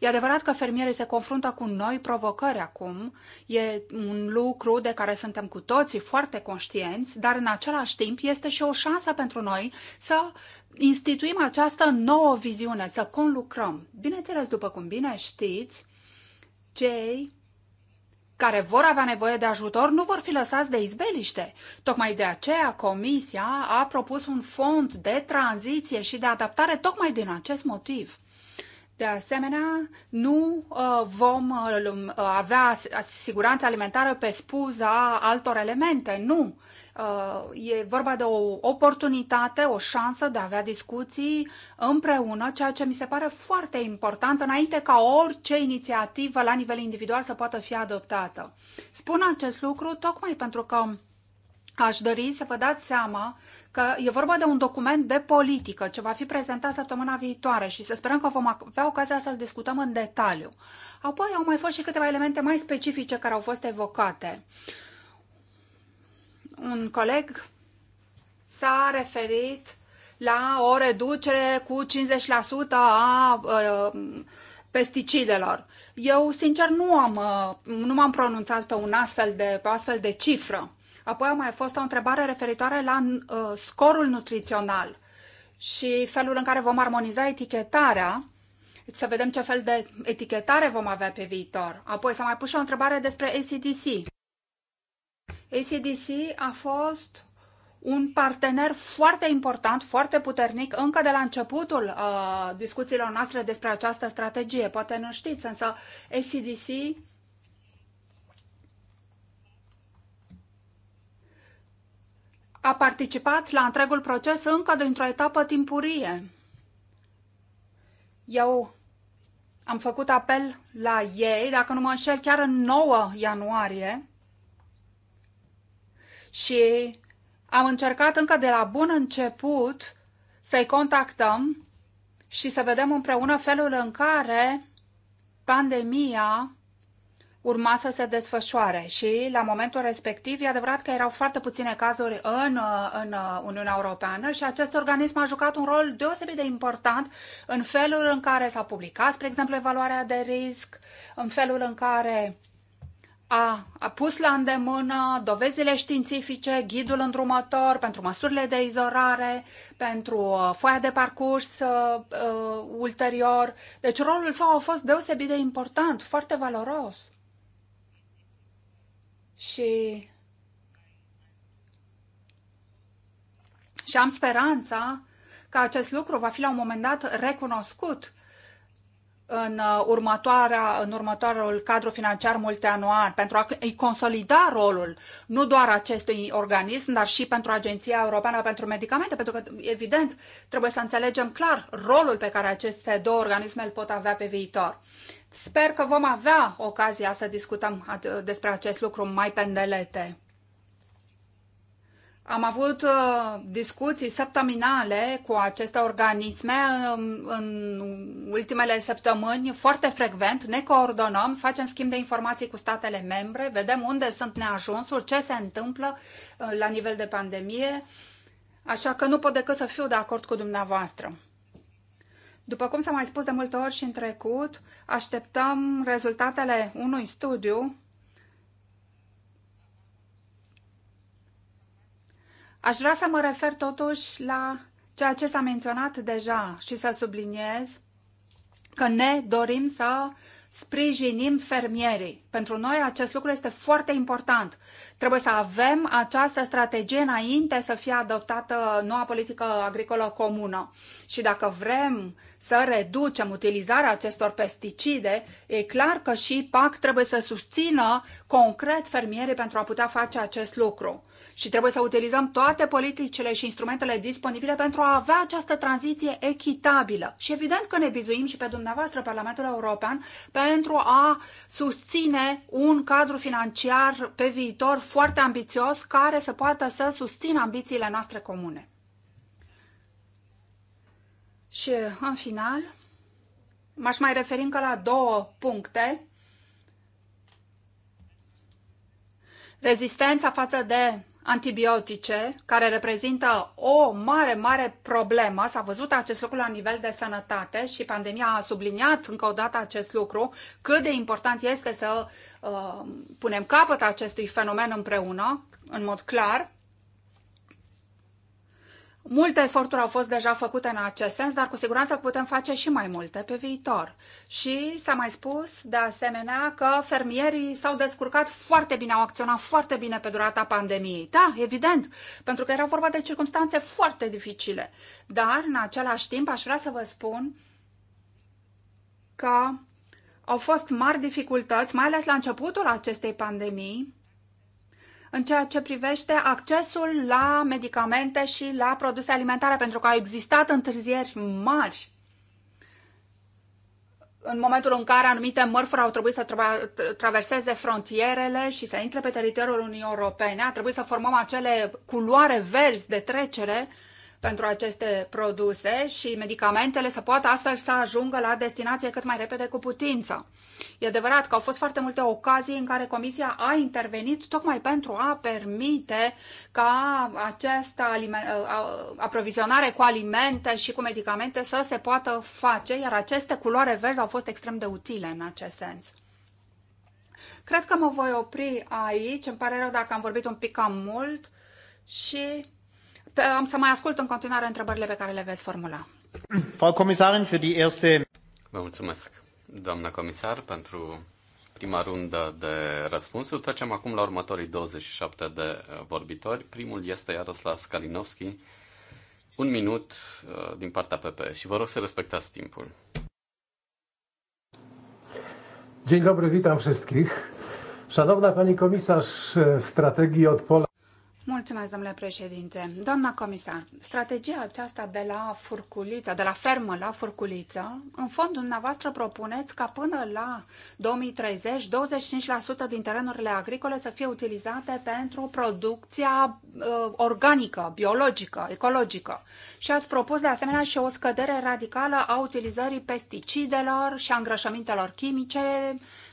E adevărat că fermierii se confruntă cu noi provocări acum, e un lucru de care suntem cu toții foarte conștienți, dar în același timp este și o șansă pentru noi să instituim această nouă viziune, să conlucrăm. Bineînțeles, după cum bine știți, cei care vor avea nevoie de ajutor nu vor fi lăsați de izbeliște. Tocmai de aceea Comisia a propus un fond de tranziție și de adaptare tocmai din acest motiv. De asemenea, nu uh, vom uh, avea siguranță alimentară pe spuza altor elemente, nu. Uh, e vorba de o oportunitate, o șansă de a avea discuții împreună, ceea ce mi se pare foarte important înainte ca orice inițiativă la nivel individual să poată fi adoptată. Spun acest lucru tocmai pentru că aș dori să vă dați seama că e vorba de un document de politică ce va fi prezentat săptămâna viitoare și să sperăm că vom avea ocazia să-l discutăm în detaliu. Apoi au mai fost și câteva elemente mai specifice care au fost evocate. Un coleg s-a referit la o reducere cu 50% a uh, pesticidelor. Eu, sincer, nu, am, ă, nu m-am pronunțat pe, un astfel de, pe o astfel de cifră. Apoi a mai fost o întrebare referitoare la uh, scorul nutrițional și felul în care vom armoniza etichetarea, să vedem ce fel de etichetare vom avea pe viitor. Apoi s-a mai pus și o întrebare despre ACDC. ACDC a fost un partener foarte important, foarte puternic, încă de la începutul uh, discuțiilor noastre despre această strategie. Poate nu știți, însă ACDC a participat la întregul proces încă dintr-o etapă timpurie. Eu am făcut apel la ei, dacă nu mă înșel, chiar în 9 ianuarie și am încercat încă de la bun început să-i contactăm și să vedem împreună felul în care pandemia urma să se desfășoare și la momentul respectiv e adevărat că erau foarte puține cazuri în, uh, în uh, Uniunea Europeană și acest organism a jucat un rol deosebit de important în felul în care s-a publicat, spre exemplu, evaluarea de risc, în felul în care a, a pus la îndemână dovezile științifice, ghidul îndrumător pentru măsurile de izolare, pentru uh, foaia de parcurs uh, uh, ulterior. Deci rolul său a fost deosebit de important, foarte valoros și și am speranța că acest lucru va fi la un moment dat recunoscut în, uh, următoarea, în următorul cadru financiar multianual, pentru a-i consolida rolul nu doar acestui organism, dar și pentru Agenția Europeană pentru Medicamente, pentru că, evident, trebuie să înțelegem clar rolul pe care aceste două organisme îl pot avea pe viitor. Sper că vom avea ocazia să discutăm despre acest lucru mai pendelete. Am avut uh, discuții săptămânale cu aceste organisme um, în ultimele săptămâni foarte frecvent, ne coordonăm, facem schimb de informații cu statele membre, vedem unde sunt neajunsuri, ce se întâmplă uh, la nivel de pandemie, așa că nu pot decât să fiu de acord cu dumneavoastră. După cum s-a mai spus de multe ori și în trecut, așteptăm rezultatele unui studiu Aș vrea să mă refer totuși la ceea ce s-a menționat deja și să subliniez că ne dorim să sprijinim fermierii. Pentru noi acest lucru este foarte important. Trebuie să avem această strategie înainte să fie adoptată noua politică agricolă comună. Și dacă vrem să reducem utilizarea acestor pesticide, e clar că și PAC trebuie să susțină concret fermierii pentru a putea face acest lucru și trebuie să utilizăm toate politicile și instrumentele disponibile pentru a avea această tranziție echitabilă. Și evident că ne bizuim și pe dumneavoastră, Parlamentul European, pentru a susține un cadru financiar pe viitor foarte ambițios care să poată să susțină ambițiile noastre comune. Și, în final, m-aș mai referi încă la două puncte rezistența față de antibiotice, care reprezintă o mare, mare problemă. S-a văzut acest lucru la nivel de sănătate și pandemia a subliniat încă o dată acest lucru, cât de important este să uh, punem capăt acestui fenomen împreună, în mod clar. Multe eforturi au fost deja făcute în acest sens, dar cu siguranță putem face și mai multe pe viitor. Și s-a mai spus, de asemenea, că fermierii s-au descurcat foarte bine, au acționat foarte bine pe durata pandemiei. Da, evident, pentru că era vorba de circunstanțe foarte dificile. Dar, în același timp, aș vrea să vă spun că au fost mari dificultăți, mai ales la începutul acestei pandemii, în ceea ce privește accesul la medicamente și la produse alimentare, pentru că au existat întârzieri mari în momentul în care anumite mărfuri au trebuit să tra- traverseze frontierele și să intre pe teritoriul Uniunii Europene, a trebuit să formăm acele culoare verzi de trecere uh, pentru aceste produse și medicamentele să poată astfel să ajungă la destinație cât mai repede cu putință. E adevărat că au fost foarte multe ocazii în care Comisia a intervenit tocmai pentru a permite ca această aprovizionare cu alimente și cu medicamente să se poată face, iar aceste culoare verzi au fost extrem de utile în acest sens. Cred că mă voi opri aici, îmi pare rău dacă am vorbit un pic cam mult și am să mai ascult în continuare întrebările pe care le veți formula. Frau Comisarin, für die erste... Vă mulțumesc, doamna comisar, pentru prima rundă de răspunsuri. Trecem acum la următorii 27 de uh, vorbitori. Primul este Iaroslav Skalinovski. Un minut uh, din partea PPE. și vă rog să respectați timpul. Dzień dobry, witam wszystkich. Szanowna Pani Komisarz, w strategii od pola... Mulțumesc, domnule președinte. Doamna comisar, strategia aceasta de la furculiță, de la fermă la furculiță, în fond dumneavoastră propuneți ca până la 2030 25% din terenurile agricole să fie utilizate pentru producția uh, organică, biologică, ecologică. Și ați propus de asemenea și o scădere radicală a utilizării pesticidelor și a îngrășămintelor chimice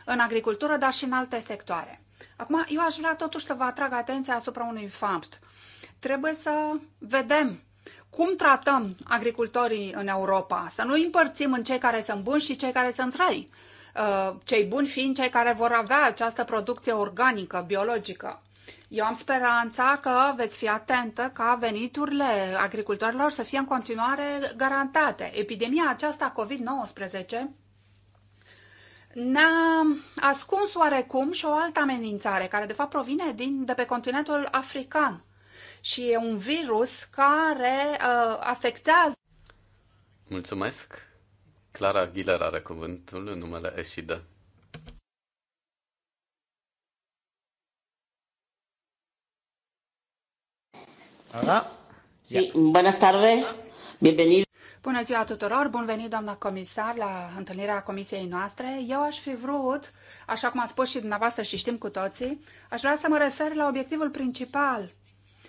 în agricultură, dar și în alte sectoare. Acum, eu aș vrea totuși să vă atrag atenția asupra unui fapt. Trebuie să vedem cum tratăm agricultorii în Europa, să nu îi împărțim în cei care sunt buni și cei care sunt răi, uh, cei buni fiind cei care vor avea această producție organică, biologică. Eu am speranța că veți fi atentă ca veniturile agricultorilor să fie în continuare garantate. Epidemia aceasta COVID-19 ne-a ascuns oarecum și o altă amenințare, care de fapt provine din, de pe continentul african. Și e un virus care uh, afectează. Mulțumesc! Clara Ghiler are cuvântul în numele Eșidă. Hola. Sí, buenas tardes. Bienvenido. Bună ziua tuturor, bun venit doamna comisar la întâlnirea comisiei noastre. Eu aș fi vrut, așa cum a spus și dumneavoastră și știm cu toții, aș vrea să mă refer la obiectivul principal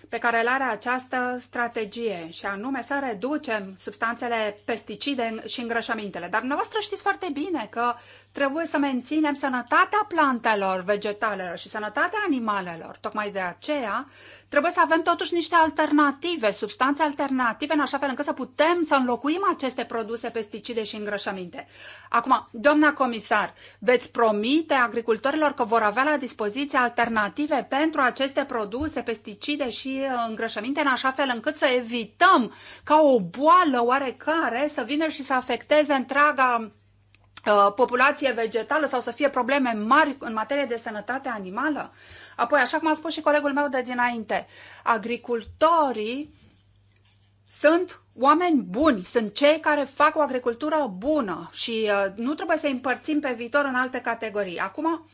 pe care îl are această strategie și anume să reducem substanțele pesticide și îngrășămintele. Dar dumneavoastră știți foarte bine că trebuie să menținem sănătatea plantelor, vegetalelor și sănătatea animalelor. Tocmai de aceea trebuie să avem totuși niște alternative, substanțe alternative, în așa fel încât să putem să înlocuim aceste produse pesticide și îngrășăminte. Acum, doamna comisar, veți promite agricultorilor că vor avea la dispoziție alternative pentru aceste produse, pesticide și și îngrășăminte în așa fel încât să evităm ca o boală oarecare să vină și să afecteze întreaga uh, populație vegetală sau să fie probleme mari în materie de sănătate animală. Apoi, așa cum a spus și colegul meu de dinainte, agricultorii sunt oameni buni, sunt cei care fac o agricultură bună și uh, nu trebuie să îi împărțim pe viitor în alte categorii. Acum,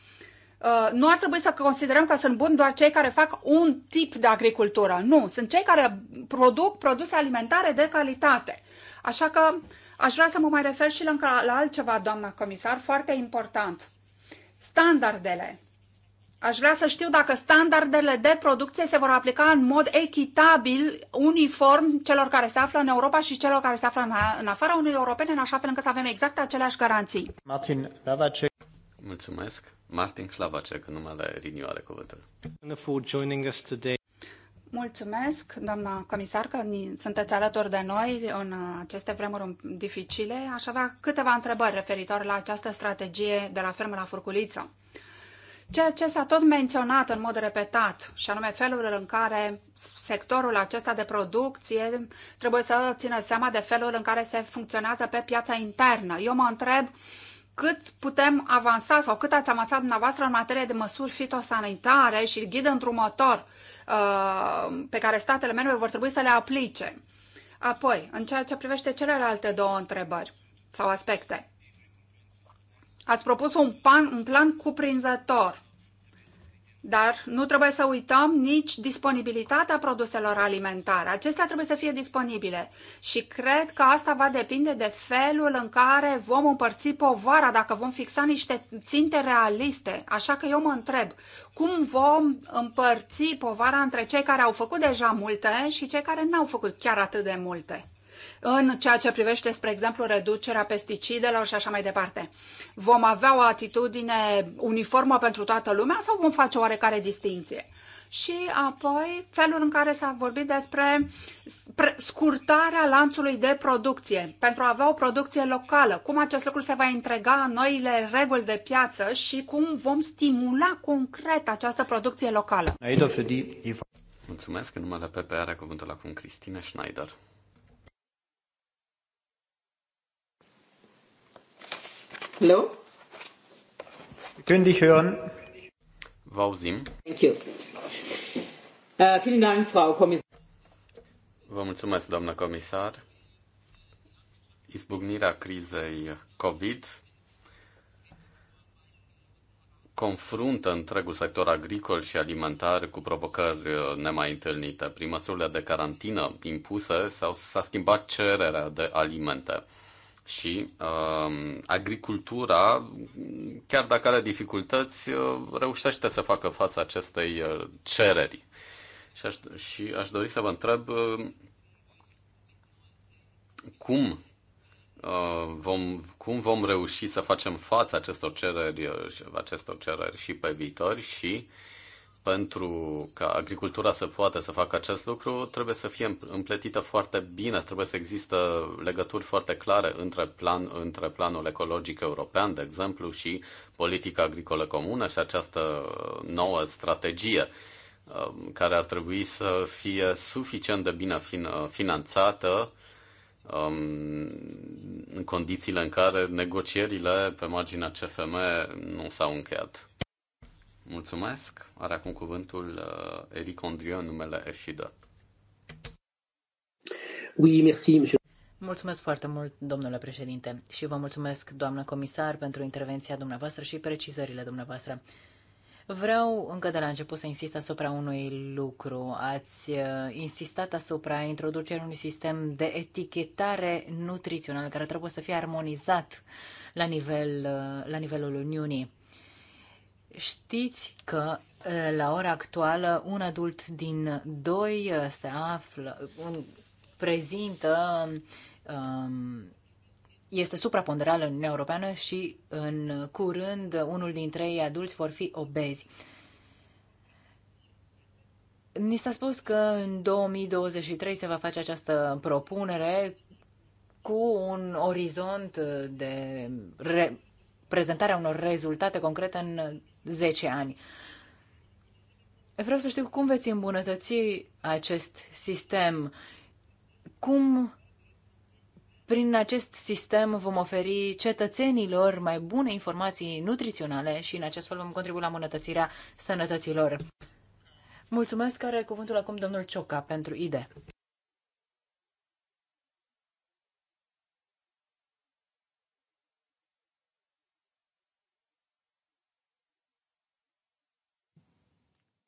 Uh, nu ar trebui să considerăm că sunt buni doar cei care fac un tip de agricultură. Nu, sunt cei care produc produse alimentare de calitate. Așa că aș vrea să mă mai refer și la, la altceva, doamna comisar, foarte important. Standardele. Aș vrea să știu dacă standardele de producție se vor aplica în mod echitabil, uniform, celor care se află în Europa și celor care se află în, în afara Uniunii Europene, în așa fel încât să avem exact aceleași garanții. Martin Lavacek. Mulțumesc. Martin Clavacek, numele Renew are cuvântul. Mulțumesc, doamna comisar, că sunteți alături de noi în aceste vremuri dificile. Aș avea câteva întrebări referitor la această strategie de la fermă la furculiță. Ceea ce s-a tot menționat în mod repetat, și anume felul în care sectorul acesta de producție trebuie să țină seama de felul în care se funcționează pe piața internă. Eu mă întreb uh, cât putem avansa sau cât ați avansat dumneavoastră în materie de măsuri fitosanitare și ghid întrumător uh, pe care statele membre vor trebui să le aplice. Apoi, în ceea ce privește celelalte două întrebări sau aspecte, ați propus un plan, un plan cuprinzător dar nu trebuie să uităm nici disponibilitatea produselor alimentare. Acestea trebuie să fie disponibile. Și cred că asta va depinde de felul în care vom împărți povara, dacă vom fixa niște ținte realiste. Așa că eu mă întreb, cum vom împărți povara între cei care au făcut deja multe și cei care n-au făcut chiar atât de multe? în ceea ce privește, spre exemplu, reducerea pesticidelor și așa mai departe. Vom avea o atitudine uniformă pentru toată lumea sau vom face oarecare distinție? și apoi felul în care s-a vorbit despre scurtarea lanțului de producție pentru a avea o producție locală, cum acest lucru se va întrega în noile reguli de piață și cum vom stimula concret această producție locală. Mulțumesc în numele PPR, cuvântul acum Cristina Schneider. Hello? Können dich hören. Wow, Sim. Thank you. Uh, vielen Dank, Frau Kommissar. Vă mulțumesc, doamnă comisar. Izbucnirea crizei COVID confruntă întregul sector agricol și alimentar cu provocări uh, nemai întâlnite. Prin măsurile de carantină impuse s-a schimbat cererea de alimente și uh, agricultura, chiar dacă are dificultăți, uh, reușește să facă față acestei uh, cereri. Și aș, și aș dori să vă întreb uh, cum uh, vom, cum vom reuși să facem față acestor cereri, uh, acestor cereri și pe viitor și uh, pentru ca agricultura să poată să facă acest lucru, trebuie să fie împletită foarte bine, trebuie să există legături foarte clare între, plan, între planul ecologic european, de exemplu, și politica agricolă comună și această nouă strategie um, care ar trebui să fie suficient de bine uh, finanțată um, în condițiile în care negocierile pe marginea CFM nu s-au încheiat. Mulțumesc. Are acum cuvântul uh, Eric Andrieu, numele Eșidă. Oui, merci, monsieur. Mulțumesc foarte mult, domnule președinte, și vă mulțumesc, doamnă comisar, pentru intervenția dumneavoastră și precizările dumneavoastră. Vreau încă de la început să insist asupra unui lucru. Ați uh, insistat asupra introducerii unui sistem de etichetare nutrițională care trebuie să fie armonizat la, nivel, uh, la nivelul Uniunii. Știți că la ora actuală un adult din doi se află, un, prezintă, um, este supraponderal în Uniunea Europeană și în curând unul din trei adulți vor fi obezi. Ni s-a spus că în 2023 se va face această propunere cu un orizont de prezentarea unor rezultate concrete în 10 ani. Vreau să știu cum veți îmbunătăți acest sistem, cum prin acest sistem vom oferi cetățenilor mai bune informații nutriționale și în acest fel vom contribui la îmbunătățirea sănătăților. Mulțumesc, are cuvântul acum domnul Cioca pentru ide.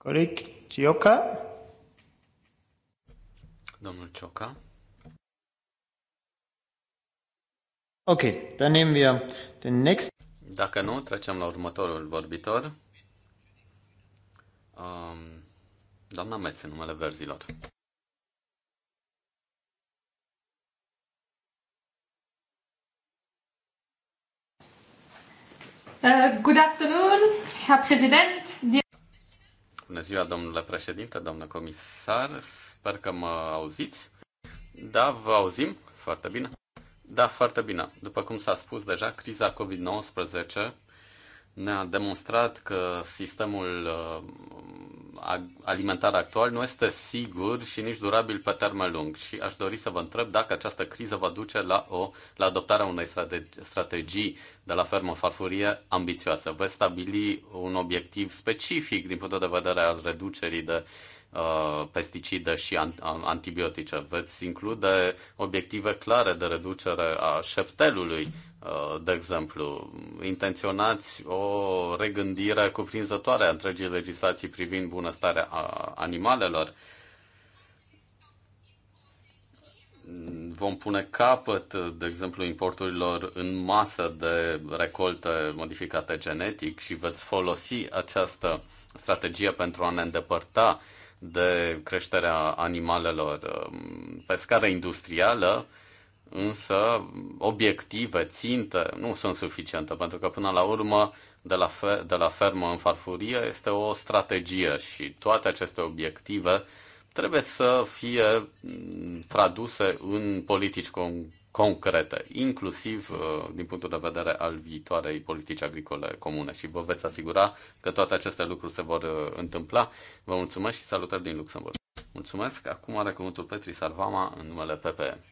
Coleg Cioca? Domnul Cioca? Ok, dann nehmen wir den next. Dacă nu, trecem la următorul vorbitor. Um, doamna Metz, numele verzilor. Uh, good afternoon, Herr Präsident, Bună ziua, domnule președinte, domnule comisar. Sper că mă auziți. Da, vă auzim foarte bine. Da, foarte bine. După cum s-a spus deja, criza COVID-19 ne-a demonstrat că sistemul uh, alimentar actual nu este sigur și nici durabil pe termen lung. Și aș dori să vă întreb dacă această criză va duce la, o, la adoptarea unei strategii de la fermă farfurie ambițioasă. Veți stabili un obiectiv specific din punct de vedere al reducerii de uh, Uh, pesticide și uh, antibiotice? Veți include obiective clare de reducere a șeptelului, uh, de exemplu? Intenționați o regândire cuprinzătoare a întregii legislații privind bunăstarea animalelor? vom pune capăt, de exemplu, importurilor în masă de recolte modificate genetic și veți folosi această strategie pentru a ne îndepărta de creșterea animalelor um, pe scară industrială, însă obiective, ținte, nu sunt suficiente, pentru că până la urmă, de la, fe- de la fermă în farfurie este o strategie și toate aceste obiective trebuie să fie mm, traduse în politici concrete concrete, inclusiv uh, din punctul de vedere al viitoarei politici agricole comune și vă veți asigura că toate aceste lucruri se vor uh, întâmpla. Vă mulțumesc și salutări din Luxemburg. Mulțumesc. Acum are cuvântul Petri Salvama în numele PPE.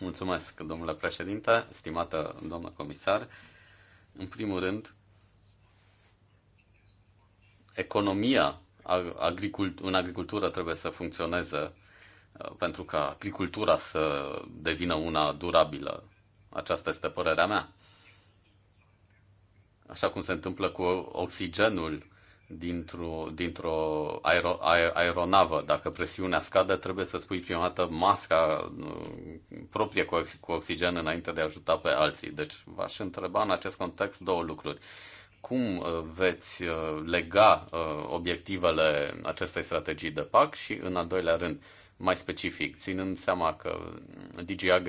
Mulțumesc, domnule președinte, stimată doamnă comisar. În primul rând, economia agricult- în agricultură trebuie să funcționeze pentru ca agricultura să devină una durabilă. Aceasta este părerea mea. Așa cum se întâmplă cu oxigenul dintr-o, dintr-o aeronavă. Dacă presiunea scade, trebuie să-ți pui prima dată masca uh, proprie cu, ox- cu oxigen înainte de a ajuta pe alții. Deci v-aș întreba în acest context două lucruri. Cum uh, veți uh, lega obiectivele acestei strategii de PAC și, în al doilea rând, mai specific, ținând seama că DG uh,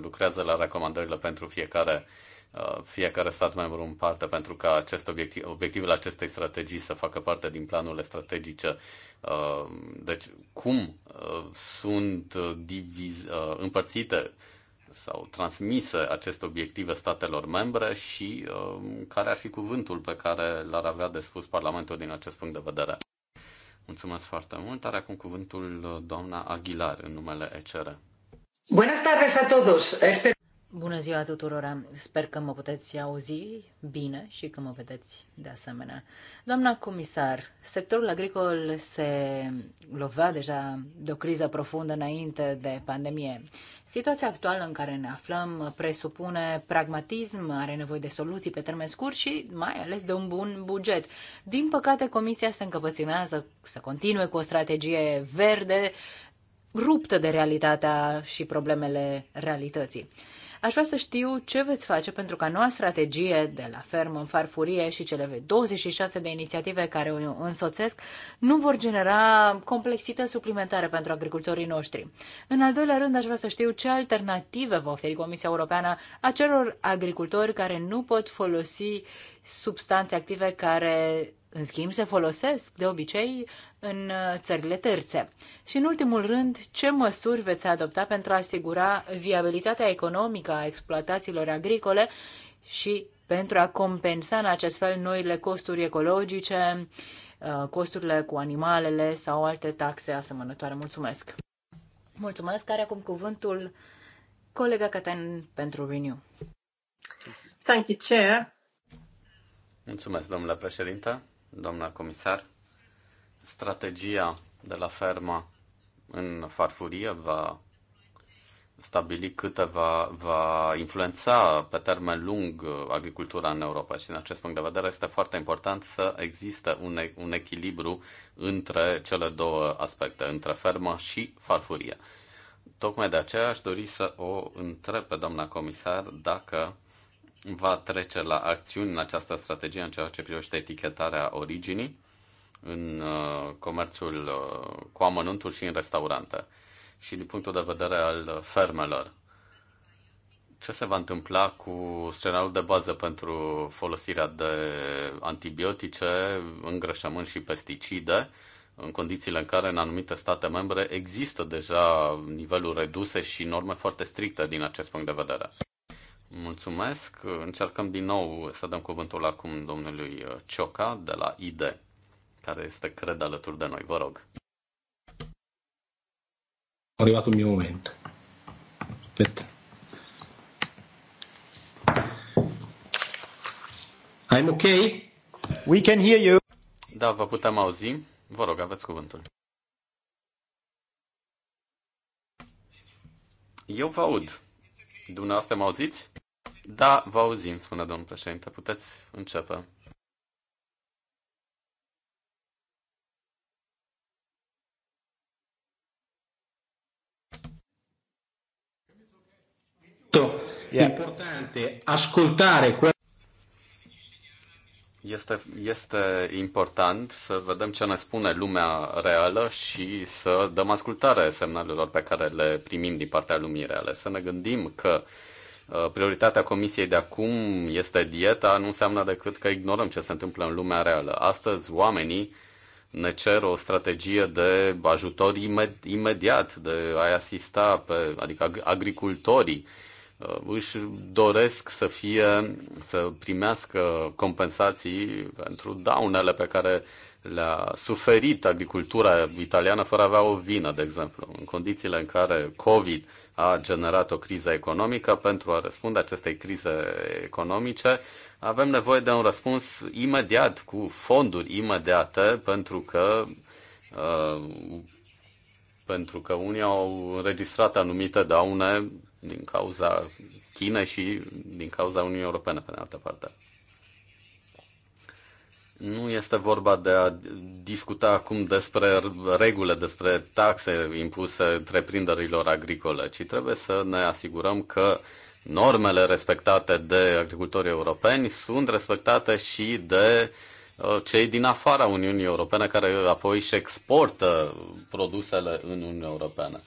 lucrează la recomandările pentru fiecare, uh, fiecare stat membru în parte, pentru ca acest obiectiv, obiectivele acestei strategii să facă parte din planurile strategice. Uh, deci, cum uh, sunt diviz, împărțite sau transmise aceste obiective statelor membre și care ar fi cuvântul pe care l-ar avea de spus Parlamentul din acest punct de vedere? Mulțumesc foarte mult. Are acum cuvântul uh, doamna Aguilar în numele ECR. Buenas tardes a todos. Este... Bună ziua tuturor! Sper că mă puteți auzi bine și că mă vedeți de asemenea. Doamna comisar, sectorul agricol se lovea deja de o criză profundă înainte de pandemie. Situația actuală în care ne aflăm presupune pragmatism, are nevoie de soluții pe termen scurt și mai ales de un bun buget. Din păcate, Comisia se încăpățânează să continue cu o strategie verde ruptă de realitatea și problemele realității. Aș vrea să știu ce veți face pentru ca noua strategie de la fermă în farfurie și cele 26 de inițiative care o însoțesc nu vor genera complexități suplimentare pentru agricultorii noștri. În al doilea rând, aș vrea să știu ce alternative va oferi Comisia Europeană acelor agricultori care nu pot folosi substanțe active care în schimb, se folosesc de obicei în uh, țările terțe. Și, în ultimul rând, ce măsuri veți adopta pentru a asigura viabilitatea economică a exploatațiilor agricole și pentru a compensa în acest fel noile costuri ecologice, uh, costurile cu animalele sau alte taxe asemănătoare. Mulțumesc! Mulțumesc! Are acum cuvântul colega Catan pentru Renew. Thank you, Chair. Mulțumesc, domnule președinte doamna comisar. Strategia de la fermă în farfurie va stabili câte va, va influența pe termen lung agricultura în Europa și în acest punct de vedere este foarte important să există un, un echilibru între cele două aspecte, între fermă și farfurie. Tocmai de aceea aș dori să o întreb pe doamna comisar dacă va trece la acțiuni în această strategie în ceea ce privește etichetarea originii în uh, comerțul uh, cu amănuntul și în restaurante și din punctul de vedere al fermelor. Ce se va întâmpla cu scenariul de bază pentru folosirea de antibiotice, îngrășământ și pesticide, în condițiile în care în anumite state membre există deja niveluri reduse și norme foarte stricte din acest punct de vedere? Mulțumesc. Încercăm din nou să dăm cuvântul acum domnului Cioca de la ID, care este, cred, alături de noi. Vă rog. A arrivato il mio momento. Aspetta. I'm okay? We can hear you. Da, vă putem auzi. Vă rog, aveți cuvântul. Eu vă aud. Dumneavoastră mă auziți? Da, vă auzim, spune domnul președinte. Puteți începe. Importante ascultare este, este important să vedem ce ne spune lumea reală și să dăm ascultare semnalelor pe care le primim din partea lumii reale. Să ne gândim că uh, Uh, prioritatea comisiei de acum este dieta, nu înseamnă decât că ignorăm ce se întâmplă în lumea reală. Astăzi, oamenii ne cer o strategie de ajutor imediat, de a-i asista pe, adică agricultorii, uh, își doresc să fie, să primească compensații pentru daunele pe care le-a suferit agricultura italiană fără a avea o vină, de exemplu, în condițiile în care COVID a generat o criză economică, pentru a răspunde acestei crize economice, avem nevoie de un răspuns imediat, cu fonduri imediate, pentru că uh, pentru că unii au înregistrat anumite daune din cauza Chinei și din cauza Uniunii Europene, pe de altă parte nu este vorba de a discuta acum despre regulile, despre taxe impuse întreprinderilor agricole, ci trebuie să ne asigurăm că normele respectate de agricultorii europeni sunt respectate și de uh, cei din afara Uniunii Europene care apoi își exportă produsele în Uniunea Europeană.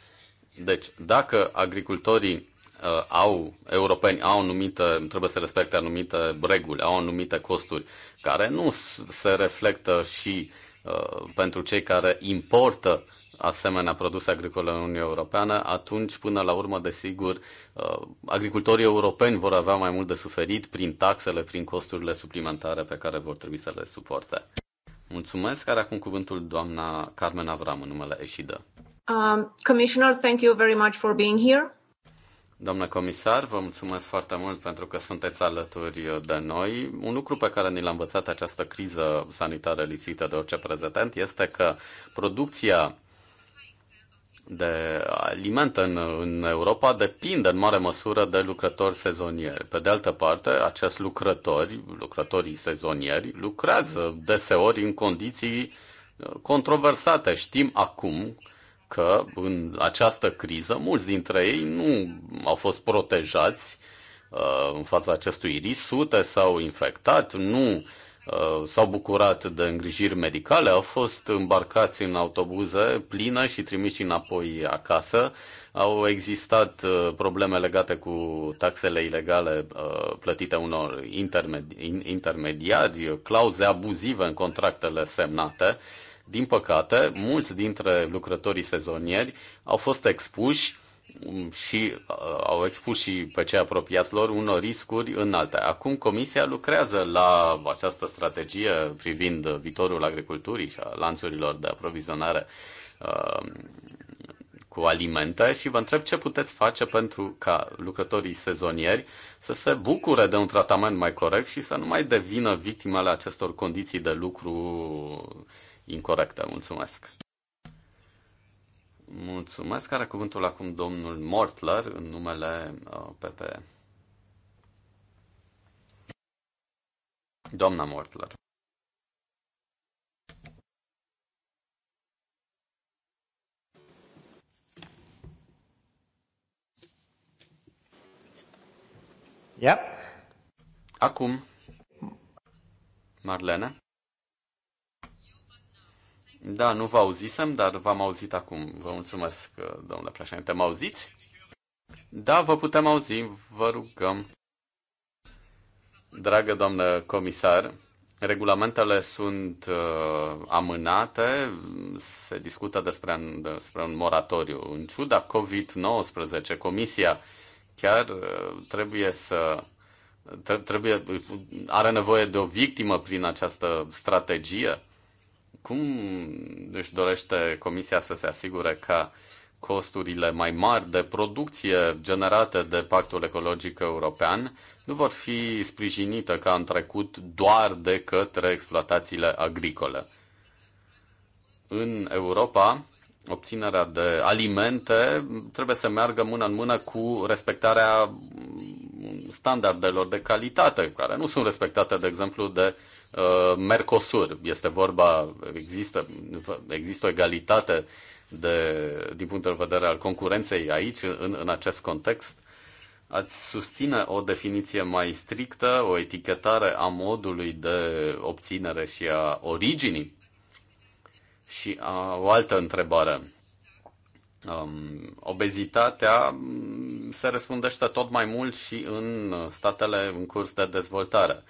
Deci, dacă agricultorii uh, au, europeni au anumite, trebuie să respecte anumite reguli, au anumite costuri care nu se reflectă și uh, pentru cei care importă asemenea produse agricole în Uniunea Europeană, atunci, până la urmă, desigur, uh, agricultorii europeni vor avea mai mult de suferit prin taxele, prin costurile suplimentare pe care vor trebui să le suporte. Mulțumesc, are acum cuvântul doamna Carmen Avram în numele Eșidă. Um, Commissioner, thank you very much for being here. Doamnă comisar, vă mulțumesc foarte mult pentru că sunteți alături de noi. Un lucru pe care ni l-a învățat această criză sanitară lipsită de orice prezentant este că producția de alimente în, în Europa depinde în mare măsură de lucrători sezonieri. Pe de altă parte, acești lucrători, lucrătorii sezonieri, lucrează deseori în condiții uh, controversate. Știm acum că în această criză mulți dintre ei nu au fost protejați uh, în fața acestui risc, sute s-au infectat, nu uh, s-au bucurat de îngrijiri medicale, au fost îmbarcați în autobuze pline și trimiși înapoi acasă. Au existat uh, probleme legate cu taxele ilegale plătite unor intermediari, clauze abuzive în contractele semnate din păcate, mulți dintre lucrătorii sezonieri au fost expuși um, și uh, au expus și pe cei apropiați lor unor riscuri înalte. Acum Comisia lucrează la această strategie privind viitorul agriculturii și a lanțurilor de aprovizionare uh, cu alimente și vă întreb ce puteți face pentru ca lucrătorii sezonieri să se bucure de un tratament mai corect și să nu mai devină victimele acestor condiții de lucru Incorrectă. Mulțumesc! Mulțumesc. Are cuvântul acum domnul Mortler în numele uh, PPE. Doamna Mortler. Yep. Acum. Marlene. Da, nu vă auzisem, dar v-am auzit acum. Vă mulțumesc, domnule președinte. Mă auziți? Da, vă putem auzi, vă rugăm. Dragă doamnă comisar, regulamentele sunt uh, amânate, se discută despre un, despre un moratoriu. În ciuda COVID-19, Comisia chiar uh, trebuie să trebuie, are nevoie de o victimă prin această strategie cum își dorește Comisia să se asigure că costurile mai mari de producție generate de Pactul Ecologic European nu vor fi sprijinite ca în trecut doar de către exploatațiile agricole. În Europa, obținerea de alimente trebuie să meargă mână în mână cu respectarea standardelor de calitate, care nu sunt respectate, de exemplu, de uh, Uh, Mercosur. Este vorba, există, există o egalitate de, din punct de vedere al concurenței aici, în, în acest context. Ați susține o definiție mai strictă, o etichetare a modului de obținere și a originii? Și a, o altă întrebare. Um, obezitatea mm, se răspundește tot mai mult și în statele în curs de dezvoltare. Uh,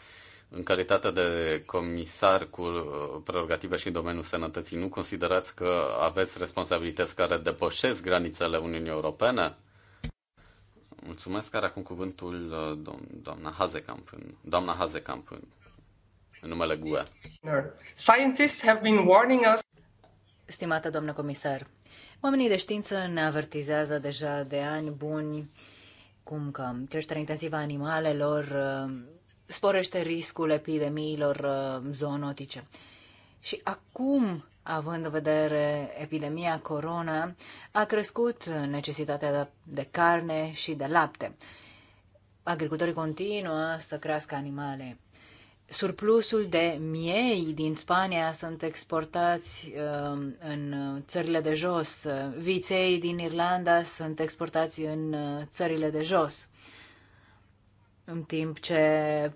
în calitate de comisar cu uh, prerogative și în domeniul sănătății, nu considerați că aveți responsabilități care depășesc granițele Uniunii Europene? Mulțumesc, care acum cuvântul uh, do- doamna Hazekamp, în, doamna Hazekamp în, în numele GUE. Scientists have been warning us... Stimată doamnă comisar, oamenii de știință ne avertizează deja de ani buni cum că creșterea intensivă a animalelor uh, sporește riscul epidemiilor uh, zoonotice. Și acum, având în vedere epidemia corona, a crescut necesitatea de carne și de lapte. Agricultorii continuă să crească animale. Surplusul de miei din Spania sunt exportați uh, în țările de jos, viței din Irlanda sunt exportați în uh, țările de jos. Uh, în timp ce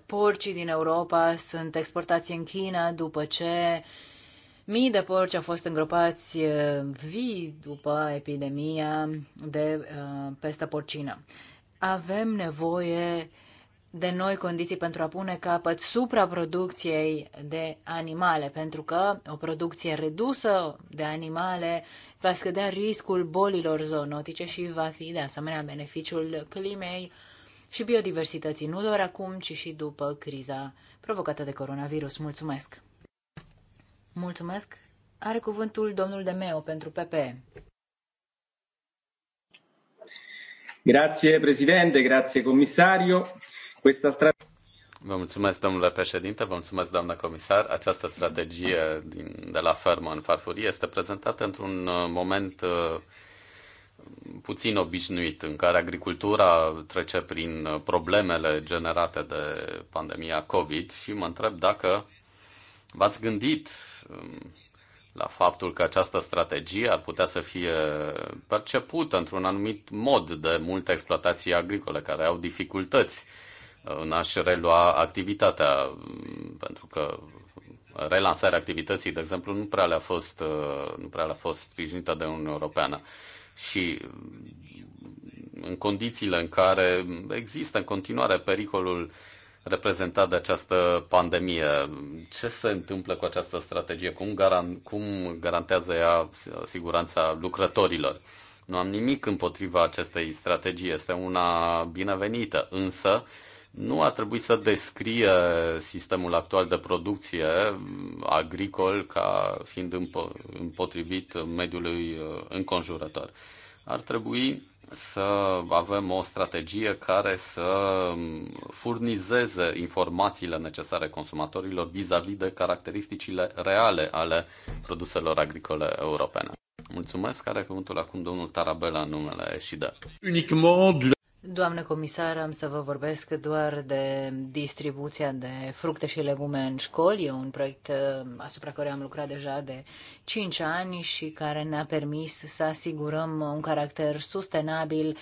porcii din Europa sunt exportați în China după ce mii de porci au fost îngropați uh, vii după epidemia de uh, pestă porcină. Avem nevoie de noi condiții pentru a pune capăt supraproducției de animale, pentru că o producție redusă de animale va scădea riscul bolilor zoonotice și va fi de asemenea beneficiul climei și biodiversității, nu doar acum, ci și după criza provocată de coronavirus. Mulțumesc! Mulțumesc! Are cuvântul domnul Demeo pentru PPE. Grazie președinte, grazie comisario. Questa strategia... Vă mulțumesc, domnule președinte, vă mulțumesc, doamnă comisar. Această strategie din, de la fermă în farfurie este prezentată într-un uh, moment uh, puțin obișnuit, în care agricultura trece prin uh, problemele generate de pandemia COVID și mă întreb dacă v-ați gândit um, la faptul că această strategie ar putea să fie percepută într-un anumit mod de multe exploatații agricole care au dificultăți uh, în a-și relua activitatea, um, pentru că relansarea activității, de exemplu, nu prea le-a fost, uh, nu prea le-a fost sprijinită de Uniunea Europeană și în condițiile în care există în continuare pericolul reprezentat de această pandemie. Ce se întâmplă cu această strategie? Cum, garan- cum garantează ea siguranța lucrătorilor? Nu am nimic împotriva acestei strategii, este una binevenită, însă uh, nu ar trebui să descrie sistemul actual de producție agricol ca fiind împotrivit mediului uh, înconjurător. Ar trebui să avem o strategie care să um, furnizeze informațiile necesare consumatorilor vis-a-vis -vis de caracteristicile reale ale produselor agricole europene. Mulțumesc, are cuvântul acum domnul Tarabela în numele Eșidă. de. Doamnă comisar, am să vă vorbesc doar de distribuția de fructe și legume în școli. E un proiect uh, asupra care am lucrat deja de 5 ani și care ne-a permis să asigurăm un caracter sustenabil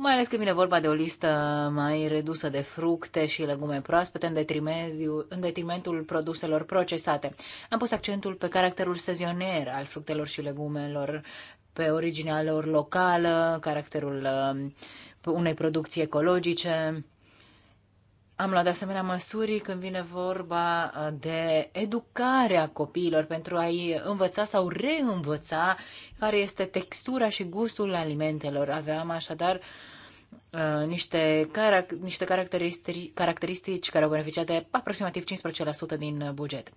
mai ales când vine vorba de o listă mai redusă de fructe și legume proaspete în detrimentul produselor procesate. Am pus accentul pe caracterul sezonier al fructelor și legumelor, pe originea lor locală, caracterul uh, unei producții ecologice. Am luat de asemenea măsuri când vine vorba uh, de educarea copiilor pentru a-i învăța sau reînvăța care este textura și gustul alimentelor. Aveam așadar uh, niște, carac- niște caracteristici, caracteristici care au beneficiat de aproximativ 15% din buget.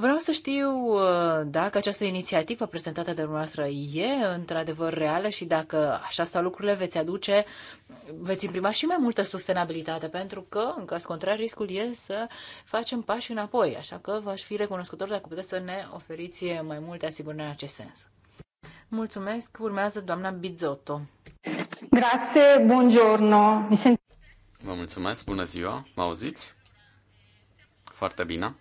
Vreau să știu uh, dacă această inițiativă prezentată de dumneavoastră e într-adevăr reală și dacă așa stau lucrurile veți aduce, veți imprima și mai multă sustenabilitate, pentru că, în caz contrar, riscul e să facem pași înapoi. Așa că v-aș fi recunoscător dacă puteți să ne oferiți mai multe asigurări în acest sens. Mulțumesc. Urmează doamna Bizotto. Grazie, buongiorno. Mi sent... Vă mulțumesc, bună ziua. Mă auziți? Foarte bine.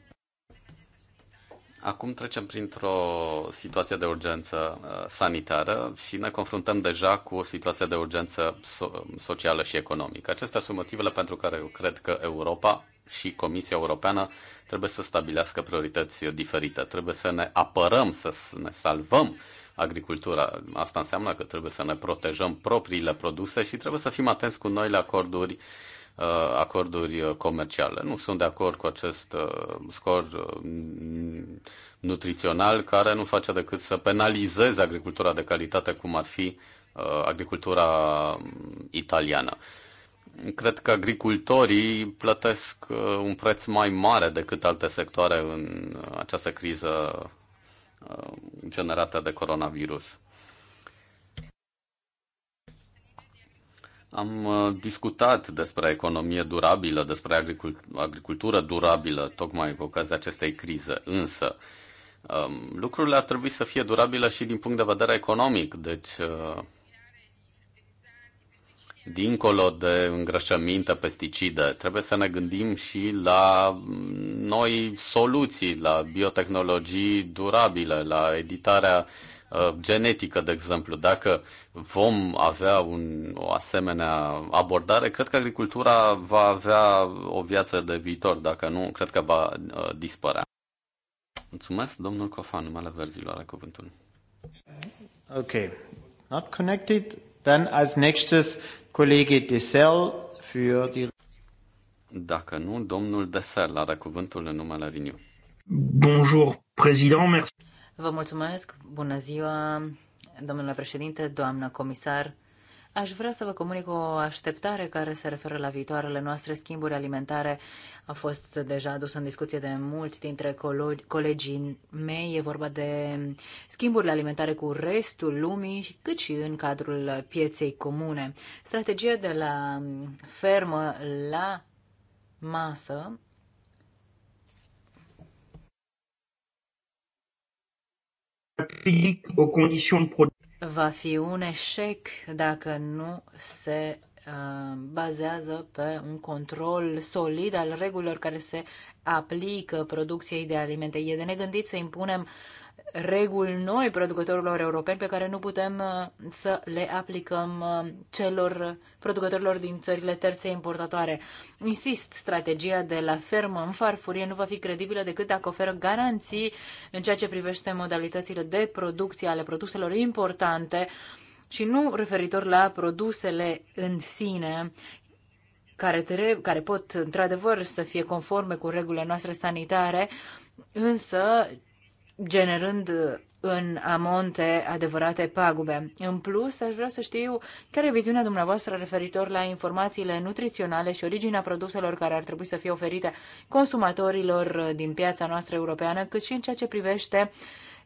Acum trecem printr-o situație de urgență uh, sanitară și ne confruntăm deja cu o situație de urgență socială și economică. Acestea sunt motivele pentru care eu cred că Europa și Comisia Europeană trebuie să stabilească priorități diferite. Trebuie să ne apărăm, să ne salvăm agricultura. Asta înseamnă că trebuie să ne protejăm propriile produse și trebuie să fim atenți cu noile acorduri uh, Uh, acorduri uh, comerciale. Nu sunt de acord cu acest uh, scor nutrițional care nu face decât să penalizeze agricultura de calitate, cum ar fi agricultura um, italiană. Cred că agricultorii plătesc un preț mai mare decât alte sectoare în această criză generată de coronavirus. Am uh, discutat despre economie durabilă, despre agricultură durabilă, tocmai cu ocazia acestei crize. Însă, um, lucrurile ar trebui să fie durabile și din punct de vedere economic. Deci, uh, dincolo de îngrășăminte, pesticide, trebuie să ne gândim și la mm, noi soluții, la biotehnologii durabile, la editarea uh, Uh, genetică, de exemplu. Dacă vom avea un, o asemenea abordare, cred că agricultura va avea o viață de viitor. Dacă nu, cred că va uh, dispărea. Mulțumesc, domnul Cofan, numele verzilor, are cuvântul. Ok, not connected. Dann als nächstes Kollege Dessel für die... Dacă nu, domnul Desel are cuvântul în numele Renew. Bonjour, président, merci. Vă mulțumesc, bună ziua, domnule președinte, doamnă comisar. Aș vrea să vă comunic o așteptare care se referă la viitoarele noastre schimburi alimentare. A fost deja adusă în discuție de mulți dintre colegii mei. E vorba de schimburile alimentare cu restul lumii, cât și în cadrul pieței comune. Strategia de la fermă la masă Va fi un eșec dacă nu se uh, bazează pe un control solid al regulilor care se aplică producției de alimente. E de negândit să impunem reguli noi producătorilor europeni pe care nu putem uh, să le aplicăm uh, celor producătorilor din țările terțe importatoare. Insist, strategia de la fermă în farfurie nu va fi credibilă decât dacă oferă garanții în ceea ce privește modalitățile de producție ale produselor importante și nu referitor la produsele în sine, care, trebuie, care pot într-adevăr să fie conforme cu regulile noastre sanitare, însă generând uh, în amonte adevărate pagube. În plus, aș vrea să știu care e viziunea dumneavoastră referitor la informațiile nutriționale și originea produselor care ar trebui să fie oferite consumatorilor uh, din piața noastră europeană, cât și în ceea ce privește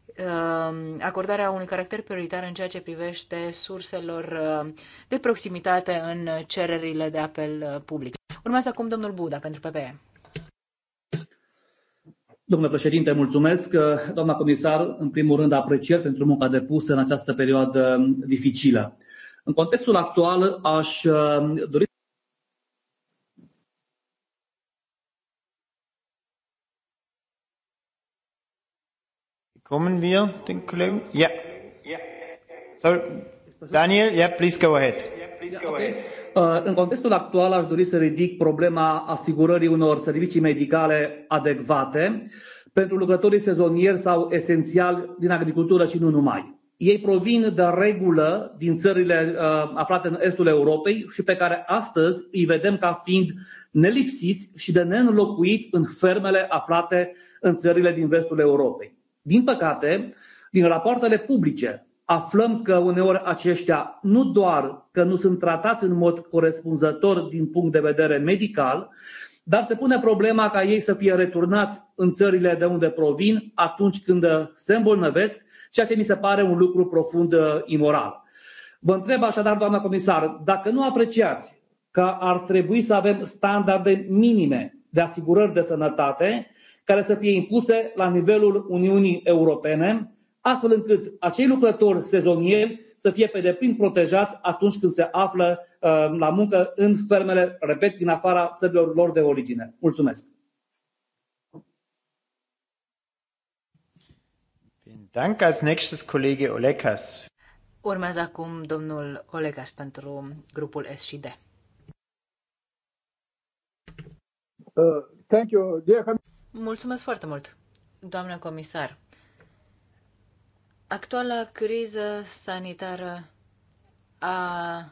uh, acordarea unui caracter prioritar în ceea ce privește surselor de proximitate în cererile de apel public. Urmează acum domnul Buda pentru PPE. Domnule președinte, mulțumesc. Uh, doamna comisar, în primul rând apreciez pentru munca depusă în această perioadă um, dificilă. În contextul actual aș uh, dori Kommen wir, den Kollegen? Ja. Yeah. So, Daniel, yeah, please go ahead. Uh, în contextul actual aș dori să ridic problema asigurării unor servicii medicale adecvate pentru lucrătorii sezonieri sau esențiali din agricultură și nu numai. Ei provin de regulă din țările uh, aflate în estul Europei și pe care astăzi îi vedem ca fiind nelipsiți și de neînlocuit în fermele aflate în țările din vestul Europei. Din păcate, din rapoartele publice aflăm că uneori aceștia nu doar că nu sunt tratați în mod corespunzător din punct de vedere medical, dar se pune problema ca ei să fie returnați în țările de unde provin atunci când se îmbolnăvesc, ceea ce mi se pare un lucru profund uh, imoral. Vă întreb așadar, doamna comisar, dacă nu apreciați că ar trebui să avem standarde minime de asigurări de sănătate care să fie impuse la nivelul Uniunii Europene, astfel încât acei lucrători sezonieri să fie pe deplin protejați atunci când se află uh, la muncă în fermele, repet, din afara țărilor lor de origine. Mulțumesc! Dank als nächstes Kollege Olekas. Urmează acum domnul Olekas pentru grupul S și D. Uh, thank you, dear... Mulțumesc foarte mult, doamnă comisar. Actuala criză sanitară a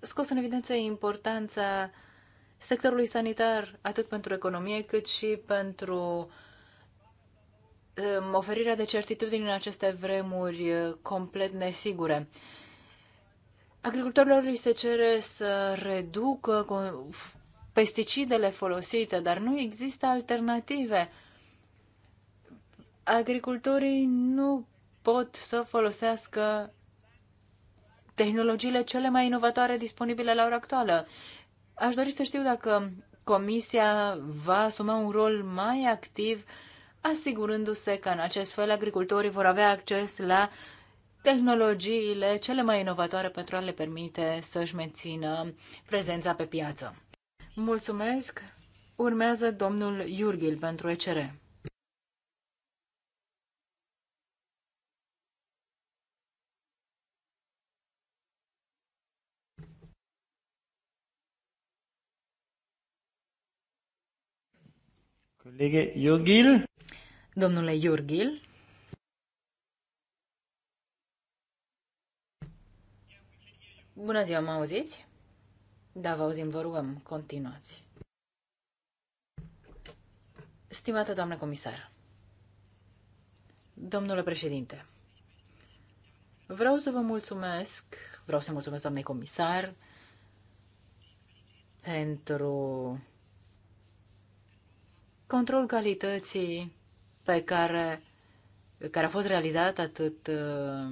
scos în evidență importanța sectorului sanitar atât pentru economie cât și pentru um, oferirea de certitudini în aceste vremuri uh, complet nesigure. Agricultorilor li se cere să reducă pesticidele folosite, dar nu există alternative agricultorii nu pot să folosească tehnologiile cele mai inovatoare disponibile la ora actuală. Aș dori să știu dacă Comisia va asuma un rol mai activ, asigurându-se că în acest fel agricultorii vor avea acces la tehnologiile cele mai inovatoare pentru a le permite să-și mențină prezența pe piață. Mulțumesc! Urmează domnul Iurghil pentru ECR. Colegă Iurghil. Domnule Iurghil. Bună ziua, mă auziți? Da, vă auzim, vă rugăm, continuați. Stimată doamnă comisar, domnule președinte, vreau să vă mulțumesc, vreau să mulțumesc doamnei comisar pentru control calității pe care, care a fost realizat atât uh,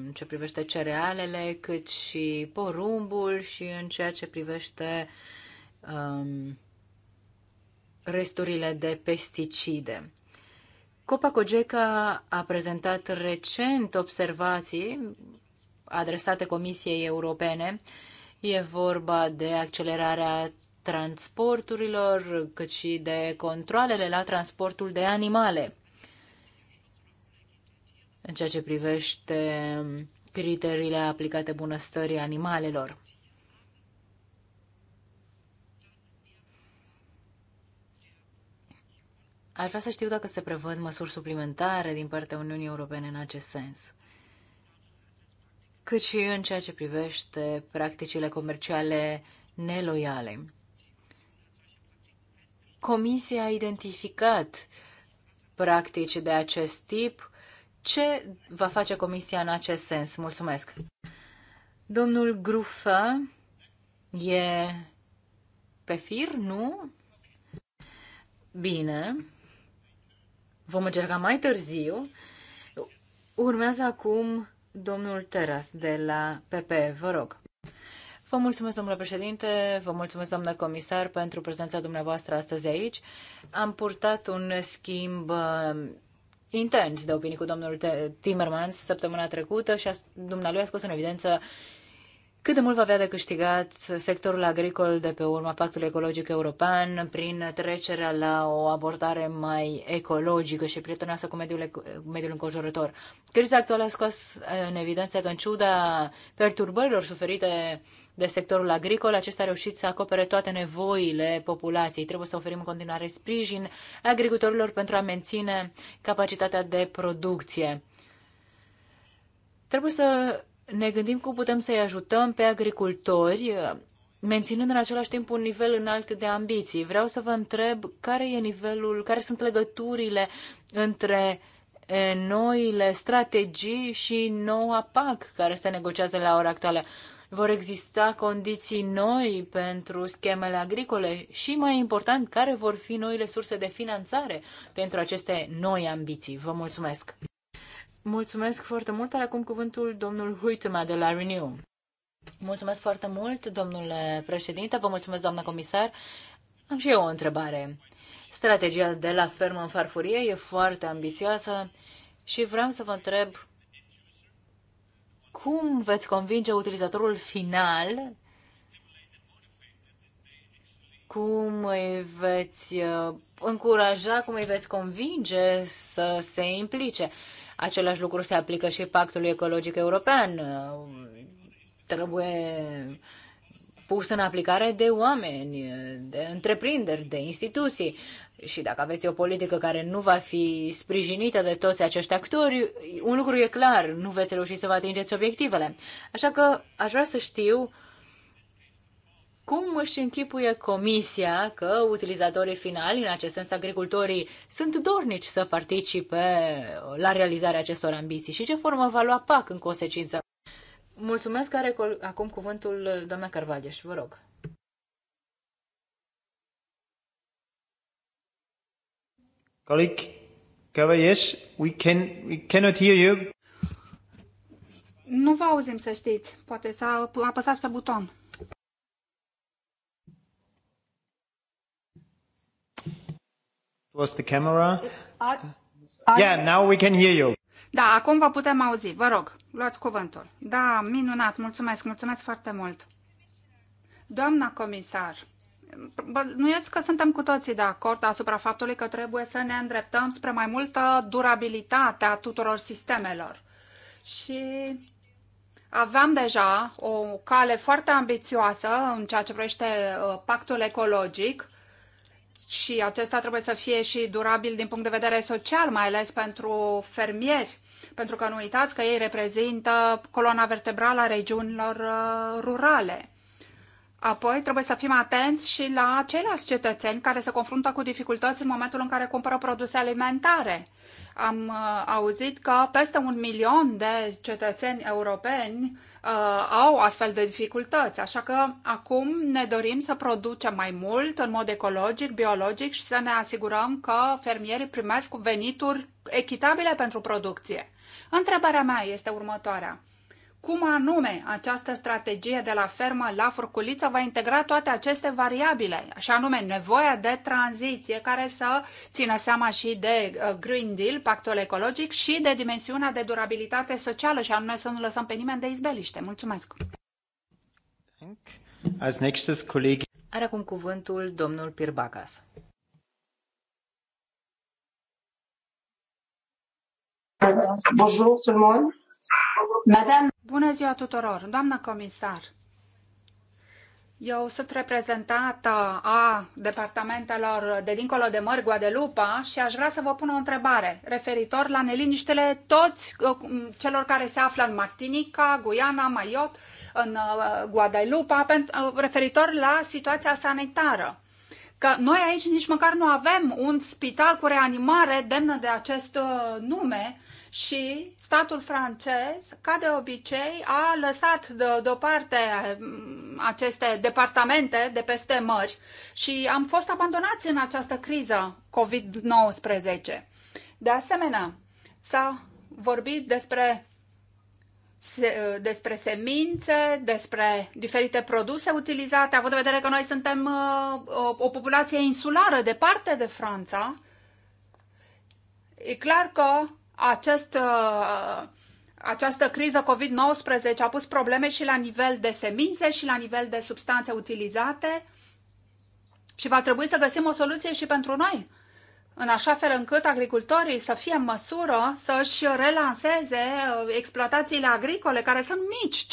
în ce privește cerealele, cât și porumbul și în ceea ce privește um, resturile de pesticide. Copacogeca a prezentat recent observații adresate Comisiei Europene. E vorba de accelerarea transporturilor, cât și de controlele la transportul de animale. În ceea ce privește criteriile aplicate bunăstării animalelor. Aș vrea să știu dacă se prevăd măsuri suplimentare din partea Uniunii Europene în acest sens, cât și în ceea ce privește practicile comerciale neloiale. Comisia a identificat practici de acest tip. Ce va face Comisia în acest sens? Mulțumesc. Domnul Grufă e pe fir, nu? Bine. Vom încerca mai târziu. Urmează acum domnul Teras de la PP. Vă rog. Vă mulțumesc, domnule președinte, vă mulțumesc, doamnă comisar, pentru prezența dumneavoastră astăzi aici. Am purtat un schimb uh, intens de opinii cu domnul Timmermans săptămâna trecută și a, dumnealui a scos în evidență cât de mult va avea de câștigat sectorul agricol de pe urma pactului ecologic european prin trecerea la o abordare mai ecologică și prietenoasă cu mediul, mediul înconjurător. Criza actuală a scos în evidență că, în ciuda perturbărilor suferite de sectorul agricol, acesta a reușit să acopere toate nevoile populației. Trebuie să oferim în continuare sprijin agricultorilor pentru a menține capacitatea de producție. Trebuie să ne gândim cum putem să-i ajutăm pe agricultori, uh, menținând în același timp un nivel înalt de ambiții. Vreau să vă întreb care e nivelul, care sunt legăturile între noile strategii și noua PAC care se negociază la ora actuală. Vor exista condiții noi pentru schemele agricole și, mai important, care vor fi noile surse de finanțare pentru aceste noi ambiții. Vă mulțumesc! Mulțumesc foarte mult. Are acum cuvântul domnul Huitema de la Renew. Mulțumesc foarte mult, domnule președinte. Vă mulțumesc, doamna comisar. Am și eu o întrebare. Strategia de la fermă în farfurie e foarte ambițioasă și vreau să vă întreb cum veți convinge utilizatorul final cum îi veți uh, încuraja, cum îi veți convinge să se implice. Același lucru se aplică și Pactului Ecologic European. Trebuie pus în aplicare de oameni, de întreprinderi, de instituții. Și dacă aveți o politică care nu va fi sprijinită de toți acești actori, un lucru e clar, nu veți reuși să vă atingeți obiectivele. Așa că aș vrea să știu uh, cum își închipuie comisia că utilizatorii finali, în acest sens agricultorii, sunt dornici să participe la realizarea acestor ambiții și ce formă va lua PAC în consecință? Mulțumesc, are acum cuvântul doamna Carvalheș, vă rog. Colleague Carvalheș, we, can, we cannot hear you. Nu vă auzim, să știți. Poate să apăsați pe buton. was the camera. Are, are... Yeah, now we can hear you. Da, acum vă putem auzi. Vă rog, luați cuvântul. Da, minunat. Mulțumesc, mulțumesc foarte mult. Doamna comisar, nu ești că suntem cu toții de acord asupra faptului că trebuie să ne îndreptăm spre mai multă durabilitate a tuturor sistemelor. Și aveam deja o cale foarte ambițioasă în ceea ce privește uh, pactul ecologic, și acesta trebuie să fie și durabil din punct de vedere social, mai ales pentru fermieri, pentru că nu uitați că ei reprezintă coloana vertebrală a regiunilor uh, rurale. Apoi trebuie să fim atenți și la ceilalți cetățeni care se confruntă cu dificultăți în momentul în care cumpără produse alimentare. Am uh, auzit că peste un milion de cetățeni europeni uh, au astfel de dificultăți, așa că acum ne dorim să producem mai mult în mod ecologic, biologic și să ne asigurăm că fermierii primesc venituri echitabile pentru producție. Întrebarea mea este următoarea cum anume această strategie de la fermă la furculiță va integra toate aceste variabile, așa anume nevoia de tranziție care să țină seama și de uh, Green Deal, pactul ecologic și de dimensiunea de durabilitate socială și anume să nu lăsăm pe nimeni de izbeliște. Mulțumesc! Als nächstes Are acum cuvântul domnul Pirbacas. Bonjour tout le monde. Madame... Bună ziua tuturor, doamnă comisar! Eu sunt reprezentată a departamentelor de dincolo de mări Guadelupa și aș vrea să vă pun o întrebare referitor la neliniștele toți uh, celor care se află în Martinica, Guiana, Maiot, în uh, Guadelupa, uh, referitor la situația sanitară. Că noi aici nici măcar nu avem un spital cu reanimare demnă de acest nume și statul francez, ca de obicei, a lăsat de, mm, aceste departamente de peste mări și am fost abandonați în această criză COVID-19. De asemenea, s-a vorbit despre despre semințe, despre diferite produse utilizate, având în vedere că noi suntem uh, o, o populație insulară departe de Franța, e clar că acest, uh, această criză COVID-19 a pus probleme și la nivel de semințe și la nivel de substanțe utilizate și va trebui să găsim o soluție și pentru noi, în așa fel încât agricultorii să fie în măsură să-și relanseze uh, exploatațiile agricole, care sunt mici, 5-6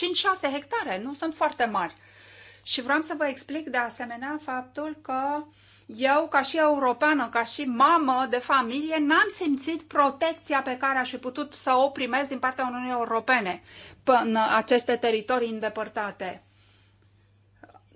hectare, nu sunt foarte mari. Și vreau să vă explic de asemenea faptul că uh, eu, ca și europeană, ca și mamă de familie, n-am simțit protecția pe care aș fi putut să o primesc din partea Uniunii Europene în aceste teritorii îndepărtate.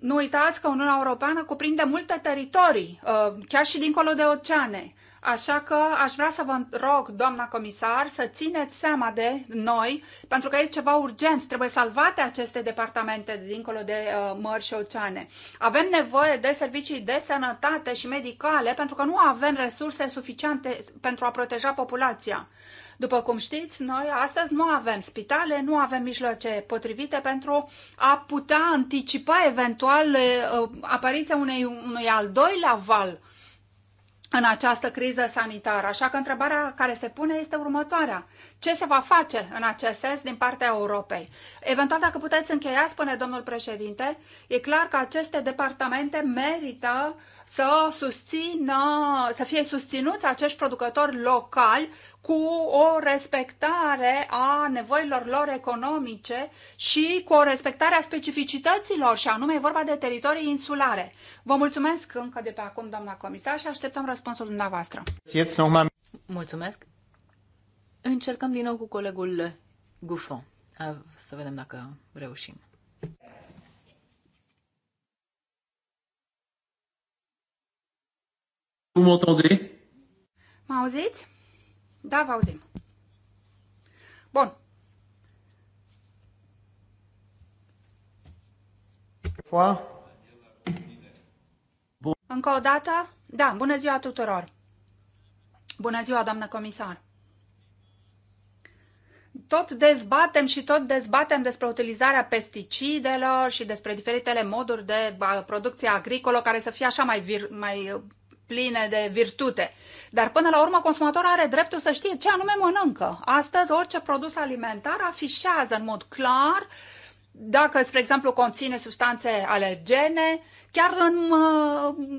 Nu uitați că Uniunea Europeană cuprinde multe teritorii, uh, chiar și dincolo de oceane. Așa că aș vrea să vă rog, doamna comisar, să țineți seama de noi, pentru că e ceva urgent. Trebuie salvate aceste departamente dincolo de uh, mări și oceane. Avem nevoie de servicii de sănătate și medicale, pentru că nu avem resurse suficiente pentru a proteja populația. După cum știți, noi astăzi nu avem spitale, nu avem mijloace potrivite pentru a putea anticipa eventual uh, apariția unei, unui al doilea val în această criză sanitară. Așa că întrebarea care se pune este următoarea. Ce se va face în acest sens din partea Europei? Eventual, dacă puteți încheia, spune domnul președinte, e clar că aceste departamente merită să susțină, să fie susținuți acești producători locali cu o respectare a nevoilor lor economice și cu o respectare a specificităților, și anume e vorba de teritorii insulare. Vă mulțumesc încă de pe acum, doamna comisar, și așteptăm răspunsul dumneavoastră. Mulțumesc. Încercăm din nou cu colegul Gufon. Să vedem dacă reușim. Cum m'entendez? auziți? Da, vă auzim. Bun. Foa? Bun. Încă o dată? Da, bună ziua tuturor. Bună ziua, doamnă comisar. Tot dezbatem și tot dezbatem despre utilizarea pesticidelor și despre diferitele moduri de producție agricolă care să fie așa mai, vir, mai pline de virtute. Dar până la urmă consumatorul are dreptul să știe ce anume mănâncă. Astăzi orice produs alimentar afișează în mod clar dacă, spre exemplu, conține substanțe alergene, chiar în uh,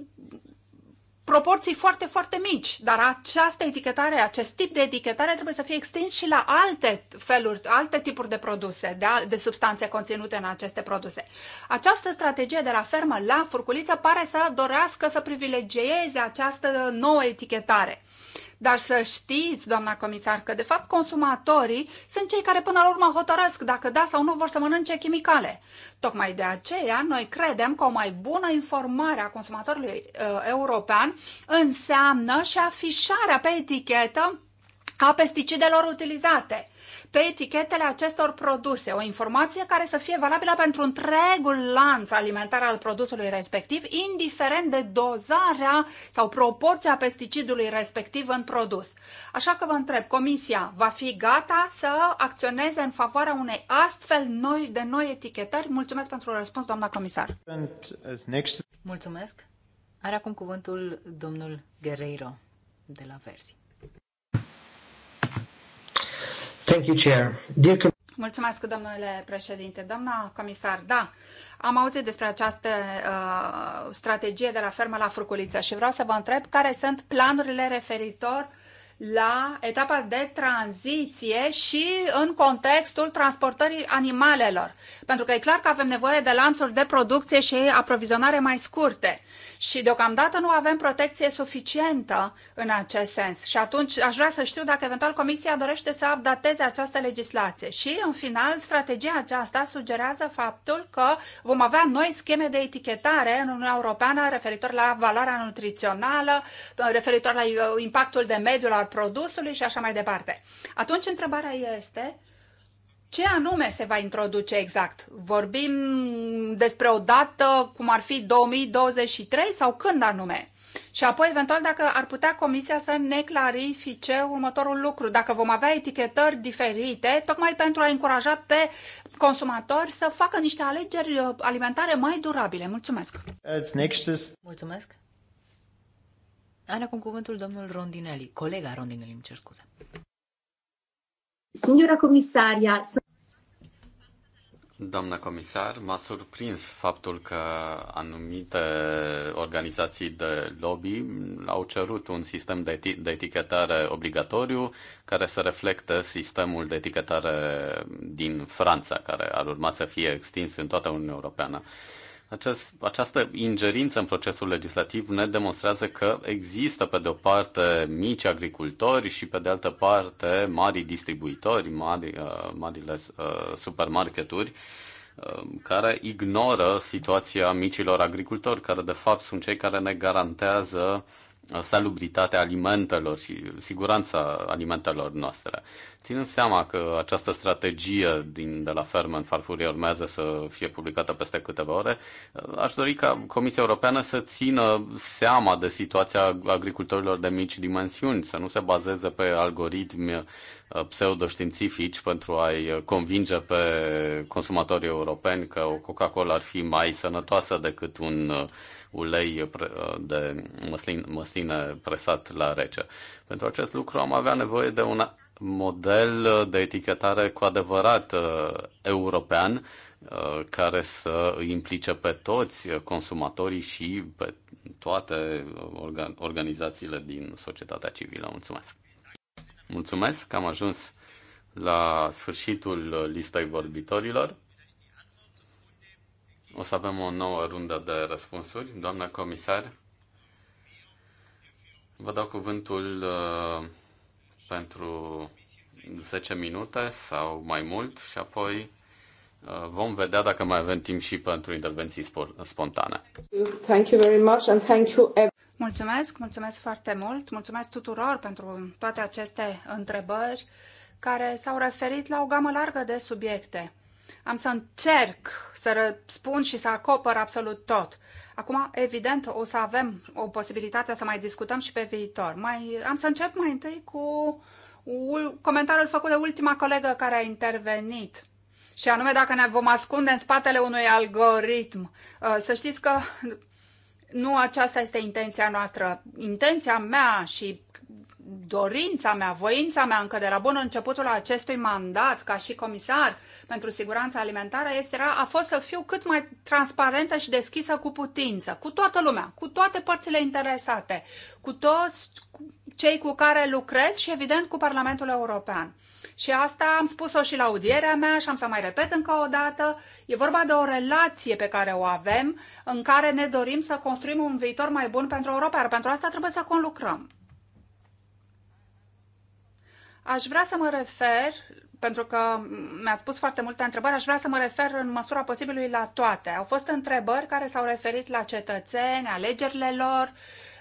proporții foarte, foarte mici, dar această etichetare, acest tip de etichetare trebuie să fie extins și la alte feluri, alte tipuri de produse, de, de substanțe conținute în aceste produse. Această strategie de la fermă la furculiță pare să dorească să privilegieze această nouă etichetare. Uh, dar să știți, doamna comisar, că de fapt consumatorii sunt cei care până la urmă hotărăsc dacă da sau nu vor să mănânce chimicale. Tocmai de aceea noi credem că o mai bună informare a consumatorului uh, european înseamnă și afișarea pe etichetă a pesticidelor utilizate pe etichetele acestor produse, o informație care să fie valabilă pentru întregul lanț alimentar al produsului respectiv, indiferent de dozarea sau proporția pesticidului respectiv în produs. Așa că vă întreb, Comisia va fi gata să acționeze în favoarea unei astfel noi, de noi etichetări? Mulțumesc pentru răspuns, doamna comisar. Mulțumesc. Are acum cuvântul domnul Guerreiro de la Versi. Thank you, Chair. Dear Mulțumesc, domnule președinte. Doamna comisar, da, am auzit despre această uh, strategie de la fermă la furculiță și vreau să vă întreb care sunt planurile referitor uh, la etapa de tranziție și în contextul transportării animalelor. Pentru că e clar că avem nevoie de lanțuri de producție și aprovizionare mai scurte. Și deocamdată nu avem protecție suficientă în acest sens. Și atunci aș vrea să știu dacă eventual Comisia dorește să updateze această legislație. Și în final, strategia aceasta sugerează faptul că vom avea noi scheme de etichetare în Uniunea Europeană referitor la valoarea nutrițională, referitor la uh, impactul de mediu la al produsului și așa mai departe. Atunci întrebarea este ce anume se va introduce exact? Vorbim despre o dată cum ar fi 2023 sau când anume? Și apoi, eventual, dacă ar putea Comisia să ne clarifice următorul lucru, dacă vom avea etichetări diferite, tocmai pentru a încuraja pe consumatori să facă niște alegeri uh, alimentare mai durabile. Mulțumesc! Mulțumesc! Are acum cuvântul domnul Rondinelli, colega Rondinelli, îmi cer scuze. Signora comisaria, Doamna comisar, m-a surprins faptul că anumite organizații de lobby au cerut un sistem de, eti- de etichetare obligatoriu care să reflecte sistemul de etichetare din Franța, care ar urma să fie extins în toată Uniunea Europeană. Uh, acest, această ingerință în procesul legislativ ne demonstrează că există, pe de o parte, mici agricultori și, pe de altă parte, mari distribuitori, mari, uh, marile uh, supermarketuri, uh, care ignoră situația micilor agricultori, care, de fapt, sunt cei care ne garantează uh, Uh, salubritatea alimentelor și siguranța alimentelor noastre. Ținând seama că această strategie din, de la fermă în farfurie urmează să fie publicată peste câteva ore, uh, aș dori ca Comisia Europeană să țină seama de situația agricultorilor de mici dimensiuni, să nu se bazeze pe algoritmi uh, pseudoștiințifici pentru a-i convinge pe consumatorii europeni că o Coca-Cola ar fi mai sănătoasă decât un ulei uh, uh, de măsline, măsline presat la rece. Pentru acest lucru am avea nevoie de un model uh, de etichetare cu adevărat uh, european uh, care să îi implice pe toți consumatorii și pe toate organizațiile din societatea civilă. Mulțumesc! Mulțumesc că am ajuns la sfârșitul listei vorbitorilor. O să avem o nouă rundă de răspunsuri. Doamna comisar, vă dau cuvântul uh, pentru 10 minute sau mai mult și apoi uh, Vom vedea dacă mai avem timp și pentru intervenții spontane. Thank you very much and thank you mulțumesc, mulțumesc foarte mult, mulțumesc tuturor pentru toate aceste întrebări care s-au referit la o gamă largă de subiecte. Am să încerc să răspund și să acopăr absolut tot. Acum, evident, o să avem o posibilitate să mai discutăm și pe viitor. Mai, am să încep mai întâi cu comentariul făcut de ultima colegă care a intervenit. Și anume, dacă ne vom ascunde în spatele unui algoritm, uh, să știți că nu aceasta este intenția noastră. Intenția mea și dorința mea, voința mea încă de la bun începutul acestui mandat ca și comisar pentru siguranța alimentară este, a fost să fiu cât mai transparentă și deschisă cu putință, cu toată lumea, cu toate părțile interesate, cu toți cei cu care lucrez și, evident, cu Parlamentul European. Și asta am spus-o și la audierea mea și am să mai repet încă o dată. E vorba de o relație pe care o avem în care ne dorim să construim un viitor mai bun pentru Europa, iar pentru asta trebuie să conlucrăm. Aș vrea să mă refer, pentru că mi-ați pus foarte multe întrebări, aș vrea să mă refer în măsura posibilului la toate. Au fost întrebări care s-au referit la cetățeni, alegerile lor.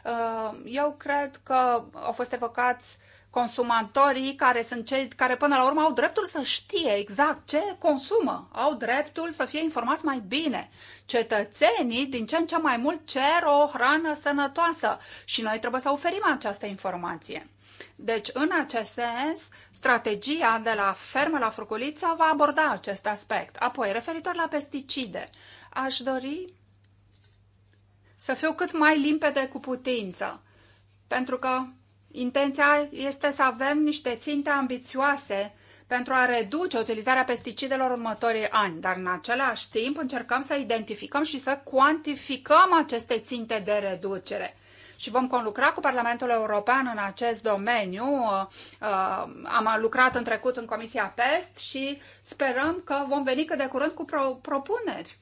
Uh, eu cred că au fost evocați consumatorii care sunt cei care până la urmă au dreptul să știe exact ce consumă, au dreptul să fie informați mai bine. Cetățenii din ce în ce mai mult cer o hrană sănătoasă și noi trebuie să oferim această informație. Deci, în acest sens, strategia de la fermă la furculiță va aborda acest aspect. Apoi, referitor la pesticide, aș dori să fiu cât mai limpede cu putință, pentru că intenția este să avem niște ținte ambițioase pentru a reduce utilizarea pesticidelor următorii ani, dar în același timp încercăm să identificăm și să cuantificăm aceste ținte de reducere și vom conlucra cu Parlamentul European în acest domeniu. Uh, am lucrat în trecut în Comisia PEST și sperăm că vom veni cât de curând cu pro- propuneri.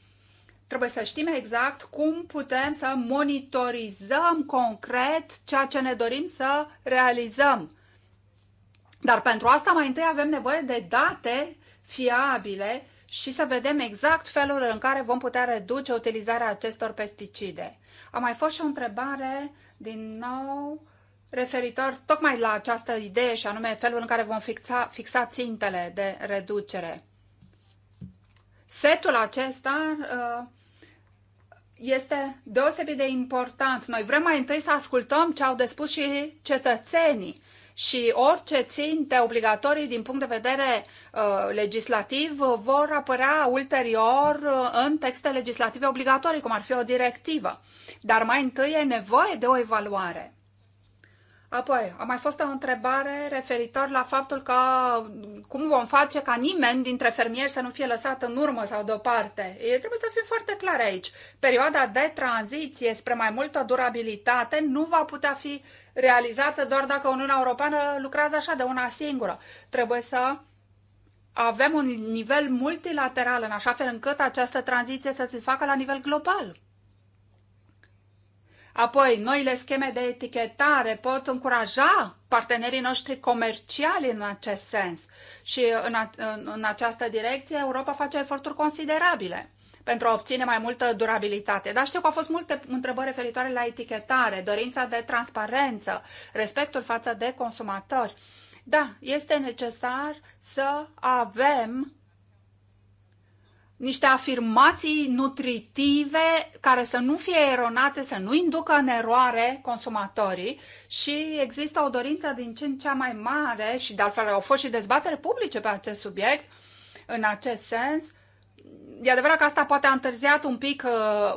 Trebuie să știm exact cum putem să monitorizăm concret ceea ce ne dorim să realizăm. Dar pentru asta mai întâi avem nevoie de date fiabile și să vedem exact felul în care vom putea reduce utilizarea acestor pesticide. A mai fost și o întrebare din nou referitor tocmai la această idee și anume felul în care vom fixa, fixa țintele de reducere. Setul acesta uh, este deosebit de important. Noi vrem mai întâi să ascultăm ce au de spus și cetățenii și orice ținte obligatorii din punct de vedere uh, legislativ uh, vor apărea ulterior uh, în texte legislative obligatorii, cum ar fi o directivă. Dar mai întâi e nevoie de o evaluare. Apoi, a mai fost o întrebare referitor la faptul că cum vom face ca nimeni dintre fermieri să nu fie lăsat în urmă sau deoparte. E, trebuie să fim foarte clare aici. Perioada de tranziție spre mai multă durabilitate nu va putea fi realizată doar dacă Uniunea Europeană lucrează așa de una singură. Trebuie să avem un nivel multilateral în așa fel încât această tranziție să se facă la nivel global. Apoi, noile scheme de etichetare pot încuraja partenerii noștri comerciali în acest sens și în, a, în, în această direcție Europa face eforturi considerabile pentru a obține mai multă durabilitate. Dar știu că au fost multe întrebări referitoare la etichetare, dorința de transparență, respectul față de consumatori. Da, este necesar să avem niște afirmații nutritive care să nu fie eronate, să nu inducă în eroare consumatorii și există o dorință din ce în cea mai mare și de altfel au fost și dezbatere publice pe acest subiect în acest sens e adevărat că asta poate a întârziat un pic uh,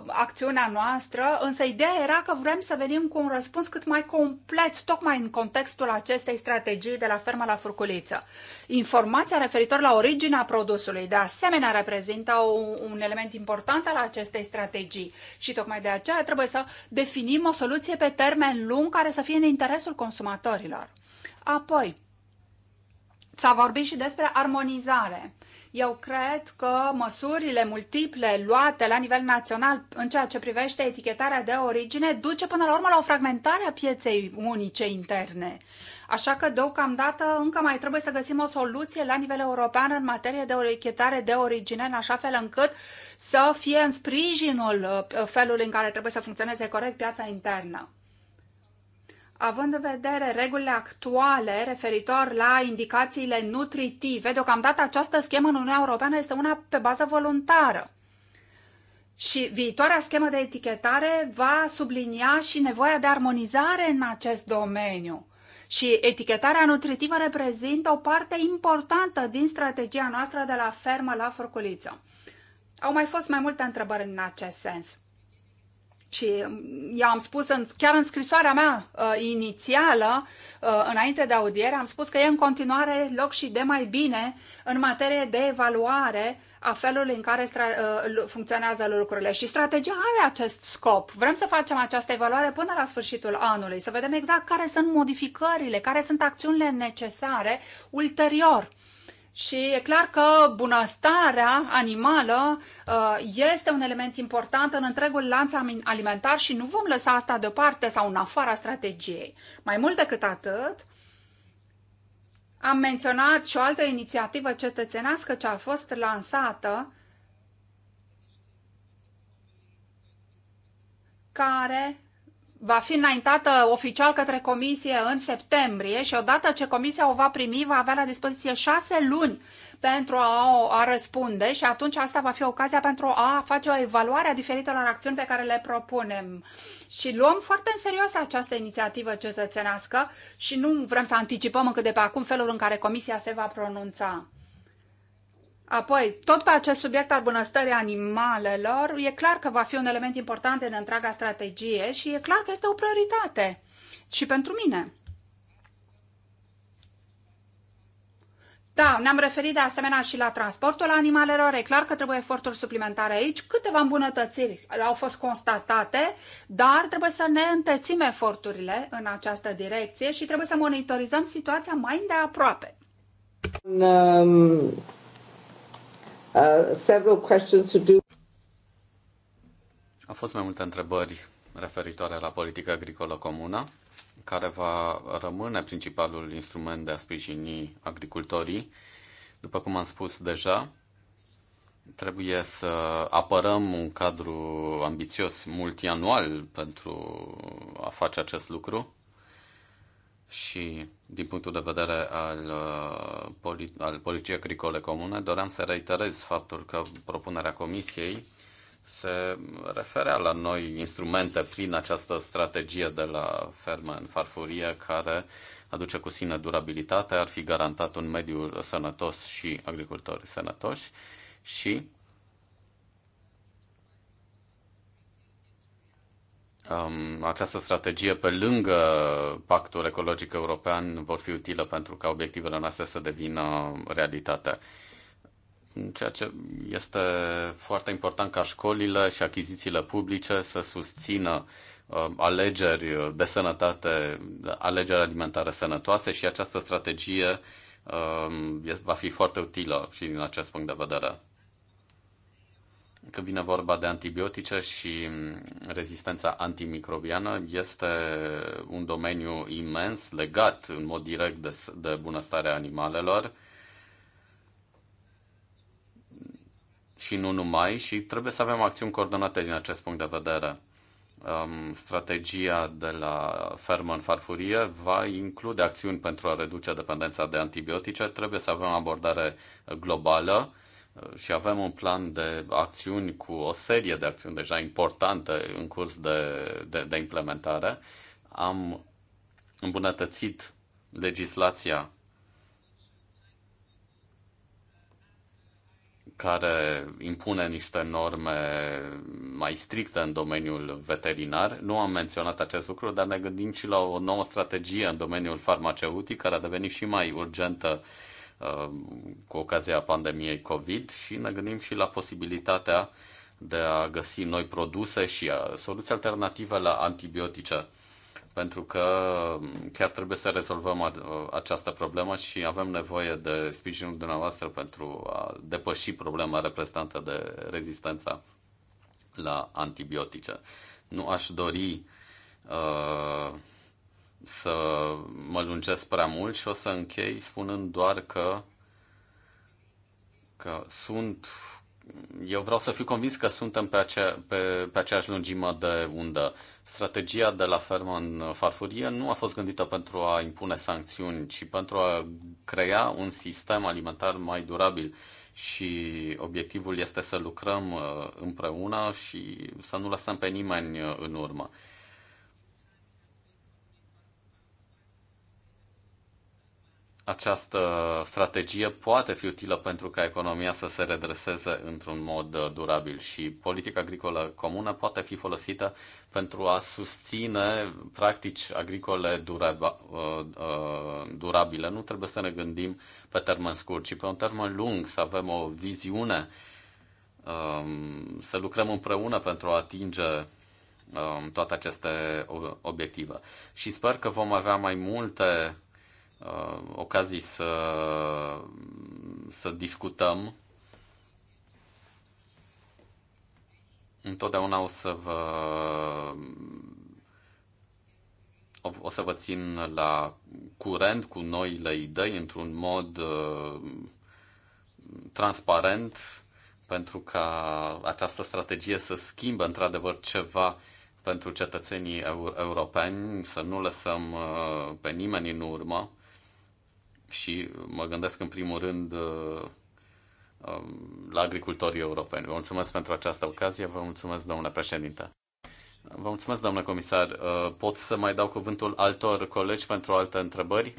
acțiunea noastră, însă ideea era că vrem să venim cu un răspuns cât mai complet, tocmai în contextul acestei strategii de la fermă la furculiță. Informația referitor la originea produsului, de asemenea, reprezintă un, un element important al acestei strategii și tocmai de aceea trebuie să definim o soluție pe termen lung care să fie în interesul consumatorilor. Apoi, s-a vorbit și despre armonizare eu cred că măsurile multiple luate la nivel național în ceea ce privește etichetarea de origine duce până la urmă la o fragmentare a pieței unice interne. Așa că deocamdată încă mai trebuie să găsim o soluție la nivel european în materie de etichetare de origine, în așa fel încât să fie în sprijinul uh, felului în care trebuie să funcționeze corect piața internă având în vedere regulile actuale referitor la indicațiile nutritive, deocamdată această schemă în Uniunea Europeană este una pe bază voluntară. Și viitoarea schemă de etichetare va sublinia și nevoia de armonizare în acest domeniu. Și etichetarea nutritivă reprezintă o parte importantă din strategia noastră de la fermă la furculiță. Au mai fost mai multe întrebări în acest sens. Și eu am spus, în, chiar în scrisoarea mea uh, inițială, uh, înainte de audiere, am spus că e în continuare loc și de mai bine în materie de evaluare a felului în care uh, funcționează lucrurile. Și strategia are acest scop. Vrem să facem această evaluare până la sfârșitul anului, să vedem exact care sunt modificările, care sunt acțiunile necesare ulterior și e clar că bunăstarea animală uh, este un element important în întregul lanț alimentar și nu vom lăsa asta deoparte sau în afara strategiei. Mai mult decât atât, am menționat și o altă inițiativă cetățenească ce a fost lansată care va fi înaintată oficial către comisie în septembrie și odată ce comisia o va primi, va avea la dispoziție șase luni pentru a, a răspunde și atunci asta va fi ocazia pentru a face o evaluare a diferitelor acțiuni pe care le propunem. Și luăm foarte în serios această inițiativă cetățenească și nu vrem să anticipăm încă de pe acum felul în care comisia se va pronunța. Apoi, tot pe acest subiect al bunăstării animalelor, e clar că va fi un element important în întreaga strategie și e clar că este o prioritate și pentru mine. Da, ne-am referit de asemenea și la transportul animalelor. E clar că trebuie eforturi suplimentare aici. Câteva îmbunătățiri au fost constatate, dar trebuie să ne întețim eforturile în această direcție și trebuie să monitorizăm situația mai îndeaproape. Um Uh, several questions to do. Au fost mai multe întrebări referitoare la politica agricolă comună, care va rămâne principalul instrument de a sprijini agricultorii. După cum am spus deja, trebuie să apărăm un cadru ambițios multianual pentru a face acest lucru și din punctul de vedere al, uh, poli- al Poliției Agricole Comune, doream să reiterez faptul că propunerea Comisiei se referea la noi instrumente prin această strategie de la fermă în farfurie care aduce cu sine durabilitate, ar fi garantat un mediu sănătos și agricultori sănătoși și um, această strategie pe lângă pactul ecologic european vor fi utilă pentru ca obiectivele noastre să devină realitate. Ceea ce este foarte important ca școlile și achizițiile publice să susțină uh, alegeri de sănătate, alegeri alimentare sănătoase și această strategie uh, va fi foarte utilă și din acest punct de vedere când vine vorba de antibiotice și rezistența antimicrobiană, este un domeniu imens legat în mod direct de, de bunăstarea animalelor și nu numai, și trebuie să avem acțiuni coordonate din acest punct de vedere. Um, strategia de la fermă în farfurie va include acțiuni pentru a reduce dependența de antibiotice. Trebuie să avem o abordare globală Uh, și avem un plan de acțiuni cu o serie de acțiuni deja importante în curs de, de, de implementare. Am îmbunătățit legislația care impune niște norme mai stricte în domeniul veterinar. Nu am menționat acest lucru, dar ne gândim și la o nouă strategie în domeniul farmaceutic, care a devenit și mai urgentă uh, Uh, cu ocazia pandemiei COVID și ne gândim și la posibilitatea de a găsi noi produse și uh, soluții alternative la antibiotice. Pentru că um, chiar trebuie să rezolvăm uh, această problemă și avem nevoie de sprijinul dumneavoastră pentru a depăși problema reprezentată de rezistența la antibiotice. Nu aș dori uh, să mă lungesc prea mult și o să închei spunând doar că, că sunt eu vreau să fiu convins că suntem pe, acea, pe, pe aceeași lungime de undă. Strategia de la fermă în farfurie nu a fost gândită pentru a impune sancțiuni, ci pentru a crea un sistem alimentar mai durabil. Și obiectivul este să lucrăm uh, împreună și să nu lăsăm pe nimeni uh, în urmă. această strategie poate fi utilă pentru ca economia să se redreseze într-un mod uh, durabil și politica agricolă comună poate fi folosită pentru a susține practici agricole uh, uh, durabile. Nu trebuie să ne gândim pe termen scurt, ci pe un termen lung, să avem o viziune, um, să lucrăm împreună pentru a atinge um, toate aceste obiective. Și sper că vom avea mai multe uh, ocazii să, să discutăm. Întotdeauna o să vă o să vă țin la curent cu noile idei într-un mod uh, transparent pentru ca această strategie să schimbe într-adevăr ceva pentru cetățenii europeni, să nu lăsăm uh, pe nimeni în urmă și mă gândesc în primul rând uh, um, la agricultorii europeni. Vă mulțumesc pentru această ocazie, vă mulțumesc, domnule președinte. Vă mulțumesc, domnule comisar. Uh, pot să mai dau cuvântul altor colegi pentru alte întrebări?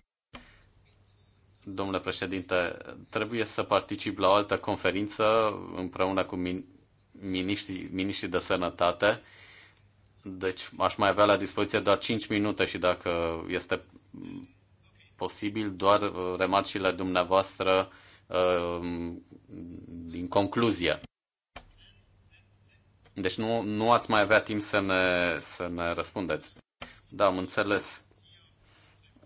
Domnule președinte, trebuie să particip la o altă conferință împreună cu miniștrii de sănătate. Deci aș mai avea la dispoziție doar 5 minute și dacă este posibil doar uh, remarcile dumneavoastră uh, din concluzie. Deci nu, nu ați mai avea timp să ne, să ne răspundeți. Da, am înțeles.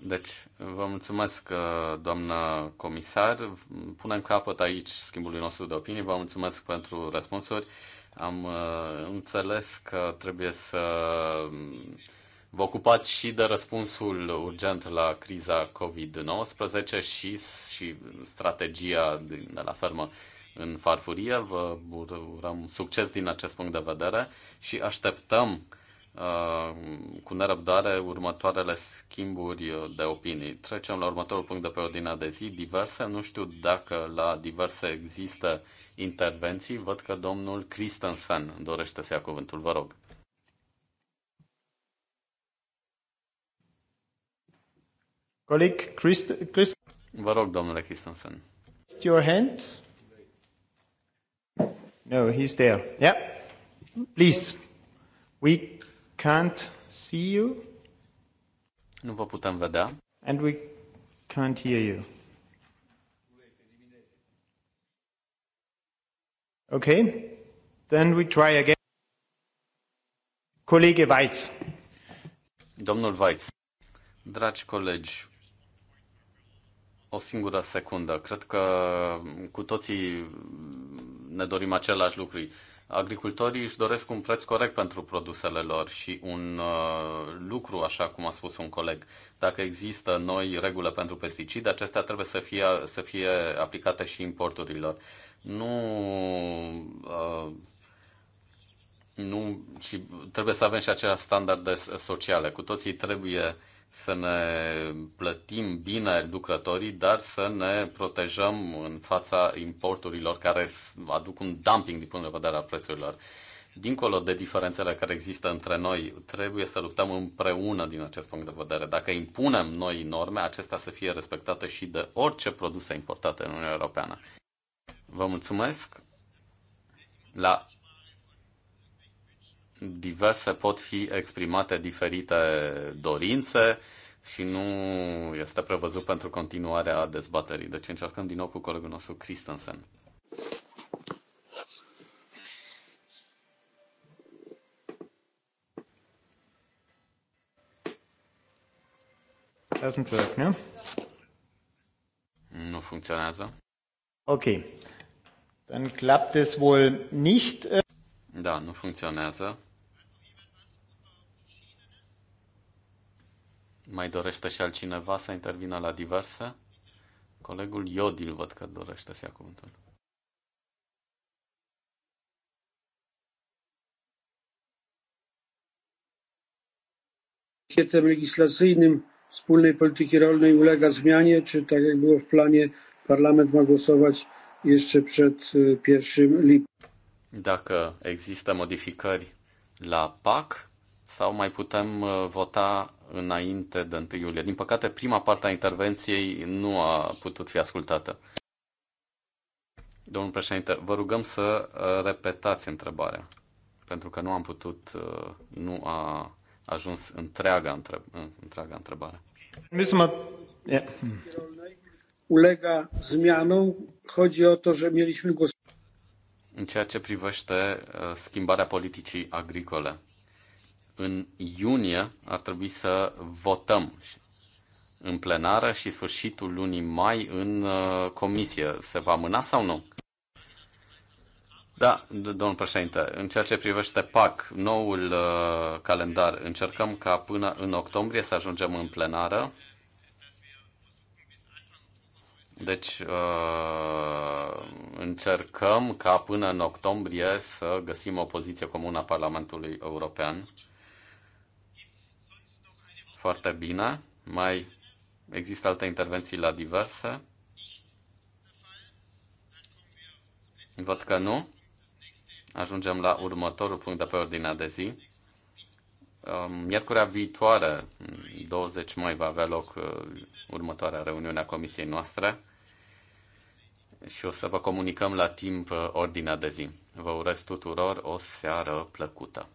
Deci, vă mulțumesc, uh, doamnă comisar. Punem capăt aici schimbului nostru de opinii. Vă mulțumesc pentru răspunsuri. Am înțeles că trebuie să Vă ocupați și de răspunsul urgent la criza COVID-19 și, și strategia de la fermă în farfurie. Vă urăm succes din acest punct de vedere și așteptăm uh, cu nerăbdare următoarele schimburi de opinii. Trecem la următorul punct de pe ordinea de zi, diverse. Nu știu dacă la diverse există intervenții. Văd că domnul Christensen dorește să ia cuvântul. Vă rog. Coleg Christ, Christ... Vă rog, domnule Christensen. Your hand? No, he's there. Yeah. Please. We can't see you. Nu vă putem vedea. And we can't hear you. Okay. Then we try again. Colege Weitz. Domnul Weitz, dragi colegi, o singură secundă. Cred că cu toții ne dorim același lucru. Agricultorii își doresc un preț corect pentru produsele lor și un uh, lucru, așa cum a spus un coleg, dacă există noi regulă pentru pesticide, acestea trebuie să fie, să fie aplicate și importurilor. Nu uh, nu, și trebuie să avem și aceleași standarde sociale. Cu toții trebuie să ne plătim bine lucrătorii, dar să ne protejăm în fața importurilor care aduc un dumping din punct de vedere al prețurilor. Dincolo de diferențele care există între noi, trebuie să luptăm împreună din acest punct de vedere. Dacă impunem noi norme, acestea să fie respectate și de orice produse importate în Uniunea Europeană. Vă mulțumesc! La diverse pot fi exprimate diferite dorințe și nu este prevăzut pentru continuarea dezbaterii. Deci încercăm din nou cu colegul nostru Christensen. Doesn't work, No? Nu funcționează. Ok. Dann klappt es wohl nicht. Äh da, nu funcționează. Mai dorește și altcineva să intervină la diverse? Colegul Iodil văd că dorește să ia cuvântul. pakietem legislacyjnym wspólnej polityki rolnej ulega zmianie, czy tak jak było w planie, parlament ma głosować jeszcze przed 1 lipca? Dacă există modificări la PAC, sau mai putem uh, vota înainte de 1 iulie. Din păcate, prima parte a intervenției nu a putut fi ascultată. Domnul președinte, vă rugăm să uh, repetați întrebarea, pentru că nu am putut, uh, nu a ajuns întreaga, între, întreaga întrebare. Ulega zmianu, chodzi o to, że mieliśmy głos. În ceea ce privește schimbarea politicii agricole, în iunie ar trebui să votăm în plenară și sfârșitul lunii mai în uh, comisie. Se va mâna sau nu? Da, domnul președinte, în ceea ce privește PAC, noul uh, calendar, încercăm ca până în octombrie să ajungem în plenară. Deci uh, încercăm ca până în octombrie să găsim o poziție comună a Parlamentului European foarte bine. Mai există alte intervenții la diverse? Văd că nu. Ajungem la următorul punct de pe ordinea de zi. Um, miercurea viitoare, 20 mai, va avea loc uh, următoarea reuniune a comisiei noastre și o să vă comunicăm la timp uh, ordinea de zi. Vă urez tuturor o seară plăcută!